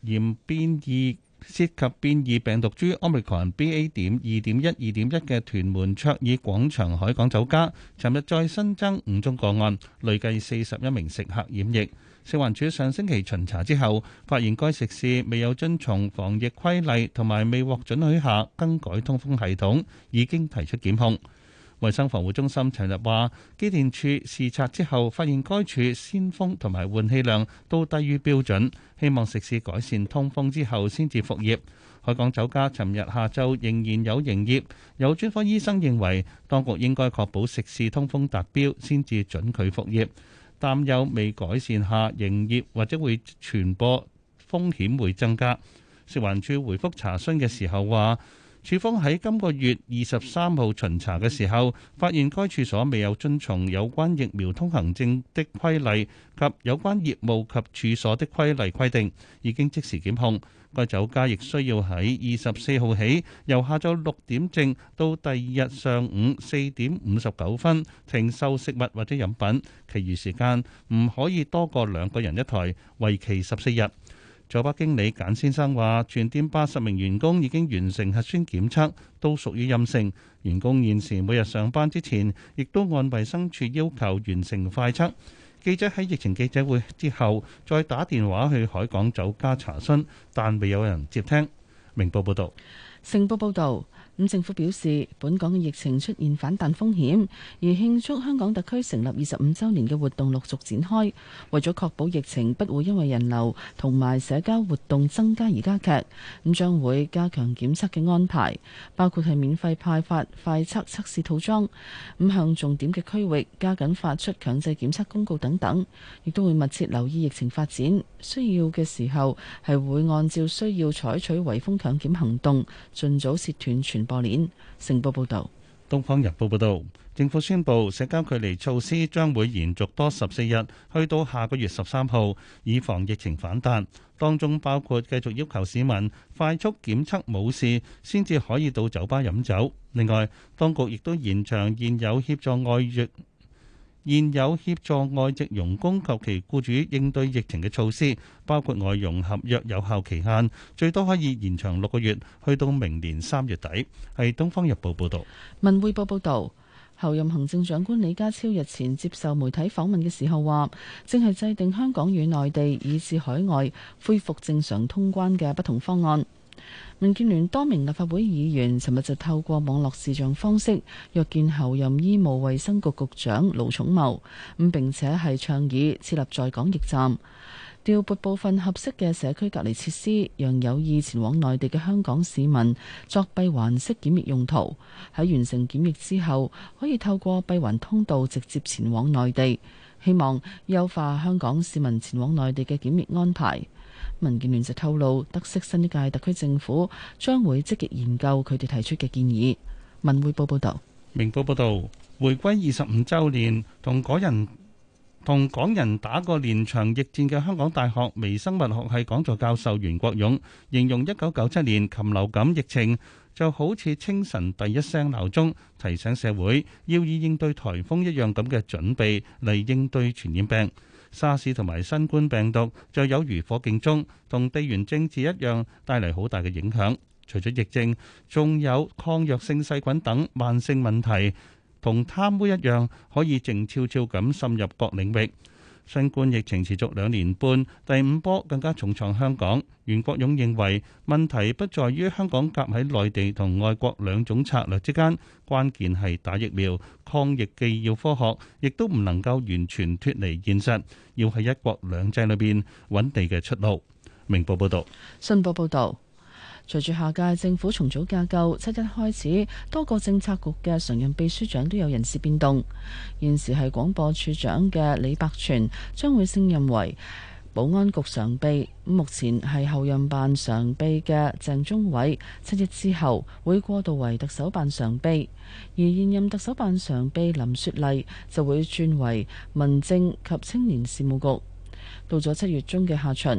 Speaker 4: 嫌變異。涉及變異病毒株 Omicron BA. 點二點一二點一嘅屯門卓爾廣場海港酒家，尋日再新增五宗個案，累計四十一名食客染疫。食環署上星期巡查之後發現該食肆未有遵從防疫規例，同埋未獲准許下更改通風系統，已經提出檢控。衛生防護中心尋日話，機電處視察之後發現該處鮮風同埋換氣量都低於標準，希望食肆改善通風之後先至復業。海港酒家尋日下晝仍然有營業，有專科醫生認為當局應該確保食肆通風達標先至准佢復業，擔憂未改善下營業或者會傳播風險會增加。食環署回覆查詢嘅時候話。署方喺今個月二十三號巡查嘅時候，發現該處所未有遵從有關疫苗通行證的規例及有關業務及處所的規例規定，已經即時檢控。該酒家亦需要喺二十四號起，由下晝六點正到第二日上午四點五十九分停售食物或者飲品，其餘時間唔可以多過兩個人一枱，為期十四日。酒吧經理簡先生話：全店八十名員工已經完成核酸檢測，都屬於陰性。員工現時每日上班之前，亦都按衛生署要求完成快測。記者喺疫情記者會之後，再打電話去海港酒家查詢，但未有人接聽。明報報道。
Speaker 3: 成報報導。咁政府表示，本港嘅疫情出現反彈風險，而慶祝香港特區成立二十五周年嘅活動陸續展開。為咗確保疫情不會因為人流同埋社交活動增加而加劇，咁將會加強檢測嘅安排，包括係免費派發快測測試套裝，咁向重點嘅區域加緊發出強制檢測公告等等，亦都會密切留意疫情發展，需要嘅時候係會按照需要採取圍封強檢行動，盡早切斷傳。報鏈成報報道，東方日報報
Speaker 4: 道，政府宣佈社交距離措施將會延續多十四日，去到下個月十三號，以防疫情反彈。當中包括繼續要求市民快速檢測冇事，先至可以到酒吧飲酒。另外，當局亦都延長現有協助外越。現有協助外籍傭工及其僱主應對疫情嘅措施，包括外傭合約有效期限最多可以延長六個月，去到明年三月底。係《東方日報》報導，
Speaker 3: 《文匯報》報導，候任行政長官李家超日前接受媒體訪問嘅時候話，正係制定香港與內地以至海外恢復正常通關嘅不同方案。民建聯多名立法會議員尋日就透過網絡視像方式約見候任醫務衛生局局長盧寵茂，咁並且係倡議設立在港疫站，調撥部分合適嘅社區隔離設施，讓有意前往內地嘅香港市民作閉環式檢疫用途，喺完成檢疫之後，可以透過閉環通道直接前往內地，希望優化香港市民前往內地嘅檢疫安排。民建聯就透露，得悉新一屆特區政府將會積極研究佢哋提出嘅建議。文匯報報道，
Speaker 4: 明報報道，回歸二十五周年同港人，同港人打過連場逆戰嘅香港大學微生物學系講座教授袁國勇形容，一九九七年禽流感疫情就好似清晨第一聲鬧鐘，提醒社會要以應對颱風一樣咁嘅準備嚟應對傳染病。沙士同埋新冠病毒在有如火警中，同地緣政治一樣帶嚟好大嘅影響，除咗疫症，仲有抗藥性細菌等慢性問題，同貪污一樣可以靜悄悄咁滲入各領域。新冠疫情持續兩年半，第五波更加重創香港。袁國勇認為問題不在於香港夾喺內地同外國兩種策略之間，關鍵係打疫苗抗疫，既要科學，亦都唔能夠完全脫離現實，要喺一國兩制裏邊揾地嘅出路。明報報導，
Speaker 3: 信報報導。隨住下屆政府重組架構，七一開始，多個政策局嘅常任秘書長都有人事變動。現時係廣播處長嘅李百全將會升任為保安局常秘，目前係候任辦常秘嘅鄭中偉，七一之後會過渡為特首辦常秘，而現任特首辦常秘林雪麗就會轉為民政及青年事務局。到咗七月中嘅下旬，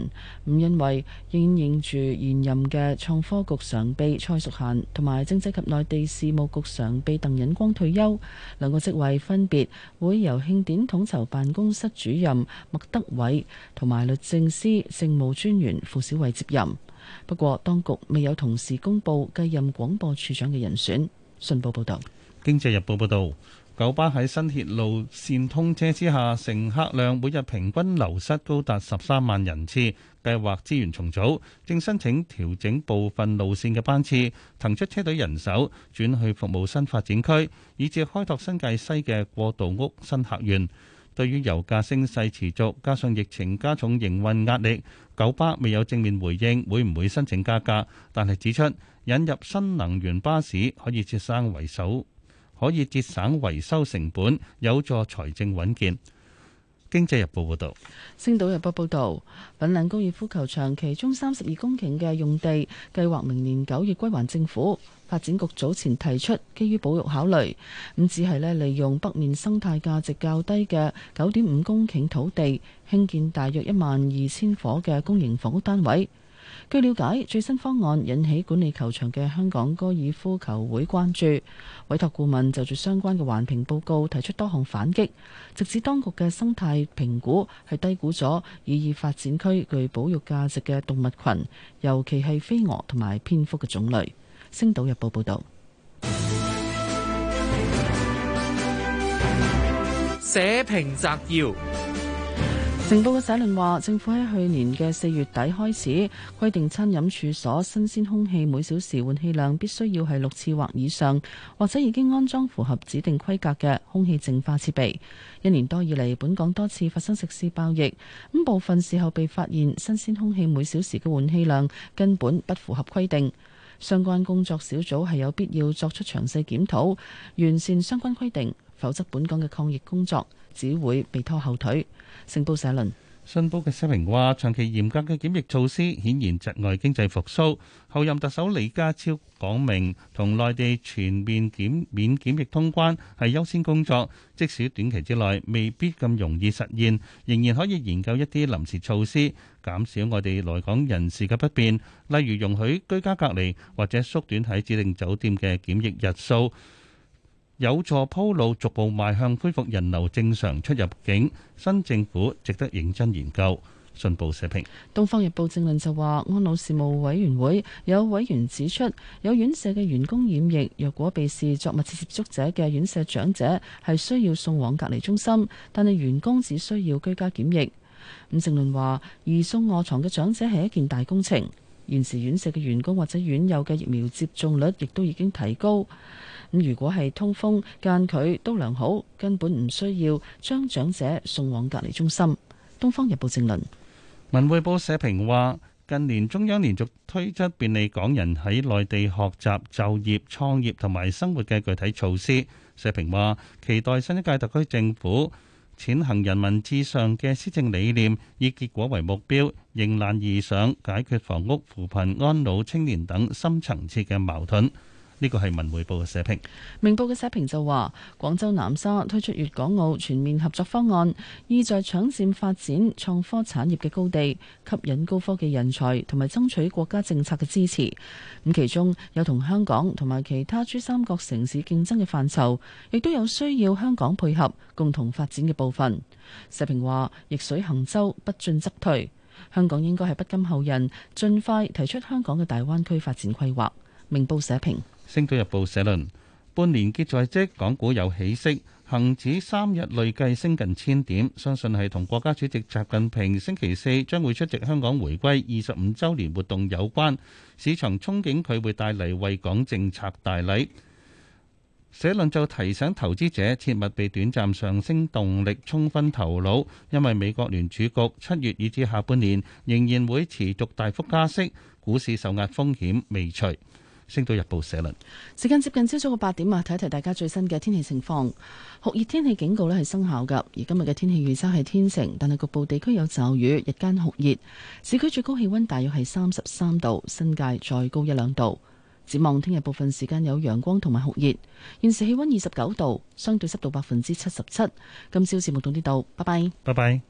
Speaker 3: 咁因為應應住現任嘅創科局常秘蔡淑嫻同埋政制及內地事務局常秘鄧忍光退休，兩個職位分別會由慶典統籌辦公室主任麥德偉同埋律政司政務專員傅小慧接任。不過，當局未有同時公佈繼任廣播處長嘅人選。信報報道。
Speaker 4: 《經濟日報》報道。九巴喺新鐵路線通車之下，乘客量每日平均流失高達十三萬人次，計劃資源重組，正申請調整部分路線嘅班次，騰出車隊人手轉去服務新發展區，以至開拓新界西嘅過渡屋新客源。對於油價升勢持續，加上疫情加重營運壓力，九巴未有正面回應會唔會申請加價，但係指出引入新能源巴士可以節省維修。可以節省維修成本，有助財政穩健。經濟日報報道，
Speaker 3: 星島日報報道，粉嶺高爾夫球場其中三十二公頃嘅用地計劃明年九月歸還政府。發展局早前提出，基於保育考慮，咁只係呢利用北面生態價值較低嘅九點五公頃土地，興建大約一萬二千伙嘅公營房屋單位。據了解，最新方案引起管理球場嘅香港哥爾夫球會關注，委託顧問就住相關嘅環評報告提出多項反擊，直指當局嘅生態評估係低估咗已以發展區具保育價值嘅動物群，尤其係飛蛾同埋蝙蝠嘅種類。星島日報報道。社評摘要。成報嘅社論話，政府喺去年嘅四月底開始規定，餐飲處所新鮮空氣每小時換氣量必須要係六次或以上，或者已經安裝符合指定規格嘅空氣淨化設備。一年多以嚟，本港多次發生食肆爆疫，咁部分事後被發現新鮮空氣每小時嘅換氣量根本不符合規定，相關工作小組係有必要作出詳細檢討，完善相關規定，否則本港嘅抗疫工作只會被拖後腿。星報社論，信報嘅
Speaker 4: 聲明話：長期嚴格嘅檢疫措施顯然窒礙經濟復甦。後任特首李家超講明，同內地全面檢免檢疫通關係優先工作，即使短期之內未必咁容易實現，仍然可以研究一啲臨時措施，減少外地來港人士嘅不便，例如容許居家隔離或者縮短喺指定酒店嘅檢疫日數。有助鋪路，逐步邁向恢復人流正常出入境，新政府值得認真研究。信報社評，
Speaker 3: 東方日報政論就話，安老事務委員會有委員指出，有院舍嘅員工染疫，若果被視作密切接觸者嘅院舍長者係需要送往隔離中心，但係員工只需要居家檢疫。吳、嗯、政論話移送卧床嘅長者係一件大工程，現時院舍嘅員工或者院友嘅疫苗接種率亦都已經提高。咁如果係通風間距都良好，根本唔需要將長者送往隔離中心。《東方日報》正論，
Speaker 4: 《文匯報》社評話：近年中央連續推出便利港人喺內地學習、就業、創業同埋生活嘅具體措施。社評話：期待新一屆特區政府踐行人民至上嘅施政理念，以結果為目標，迎難而上，解決房屋、扶貧、安老、青年等深層次嘅矛盾。呢個係文匯報嘅社評，
Speaker 3: 明報嘅社評就話：廣州南沙推出粵港澳全面合作方案，意在搶佔發展創科產業嘅高地，吸引高科技人才同埋爭取國家政策嘅支持。咁其中有同香港同埋其他珠三角城市競爭嘅範疇，亦都有需要香港配合共同發展嘅部分。社評話：逆水行舟，不進則退。香港應該係不甘後人，盡快提出香港嘅大灣區發展規劃。明報社評。
Speaker 4: 星島日報社論：半年結在即，港股有起色，恆指三日累計升近千點，相信係同國家主席習近平星期四將會出席香港回歸二十五週年活動有關。市場憧憬佢會帶嚟惠港政策大禮。社論就提醒投資者切勿被短暫上升動力沖昏頭腦，因為美國聯儲局七月以至下半年仍然會持續大幅加息，股市受壓風險未除。《星島日報》社論，
Speaker 3: 時間接近朝早嘅八點啊，睇一睇大家最新嘅天氣情況。酷熱天氣警告咧係生效嘅，而今日嘅天氣預測係天晴，但係局部地區有驟雨。日間酷熱，市區最高氣溫大約係三十三度，新界再高一兩度。展望聽日部分時間有陽光同埋酷熱。現時氣溫二十九度，相對濕度百分之七十七。今朝節目到呢度，拜拜，
Speaker 4: 拜拜。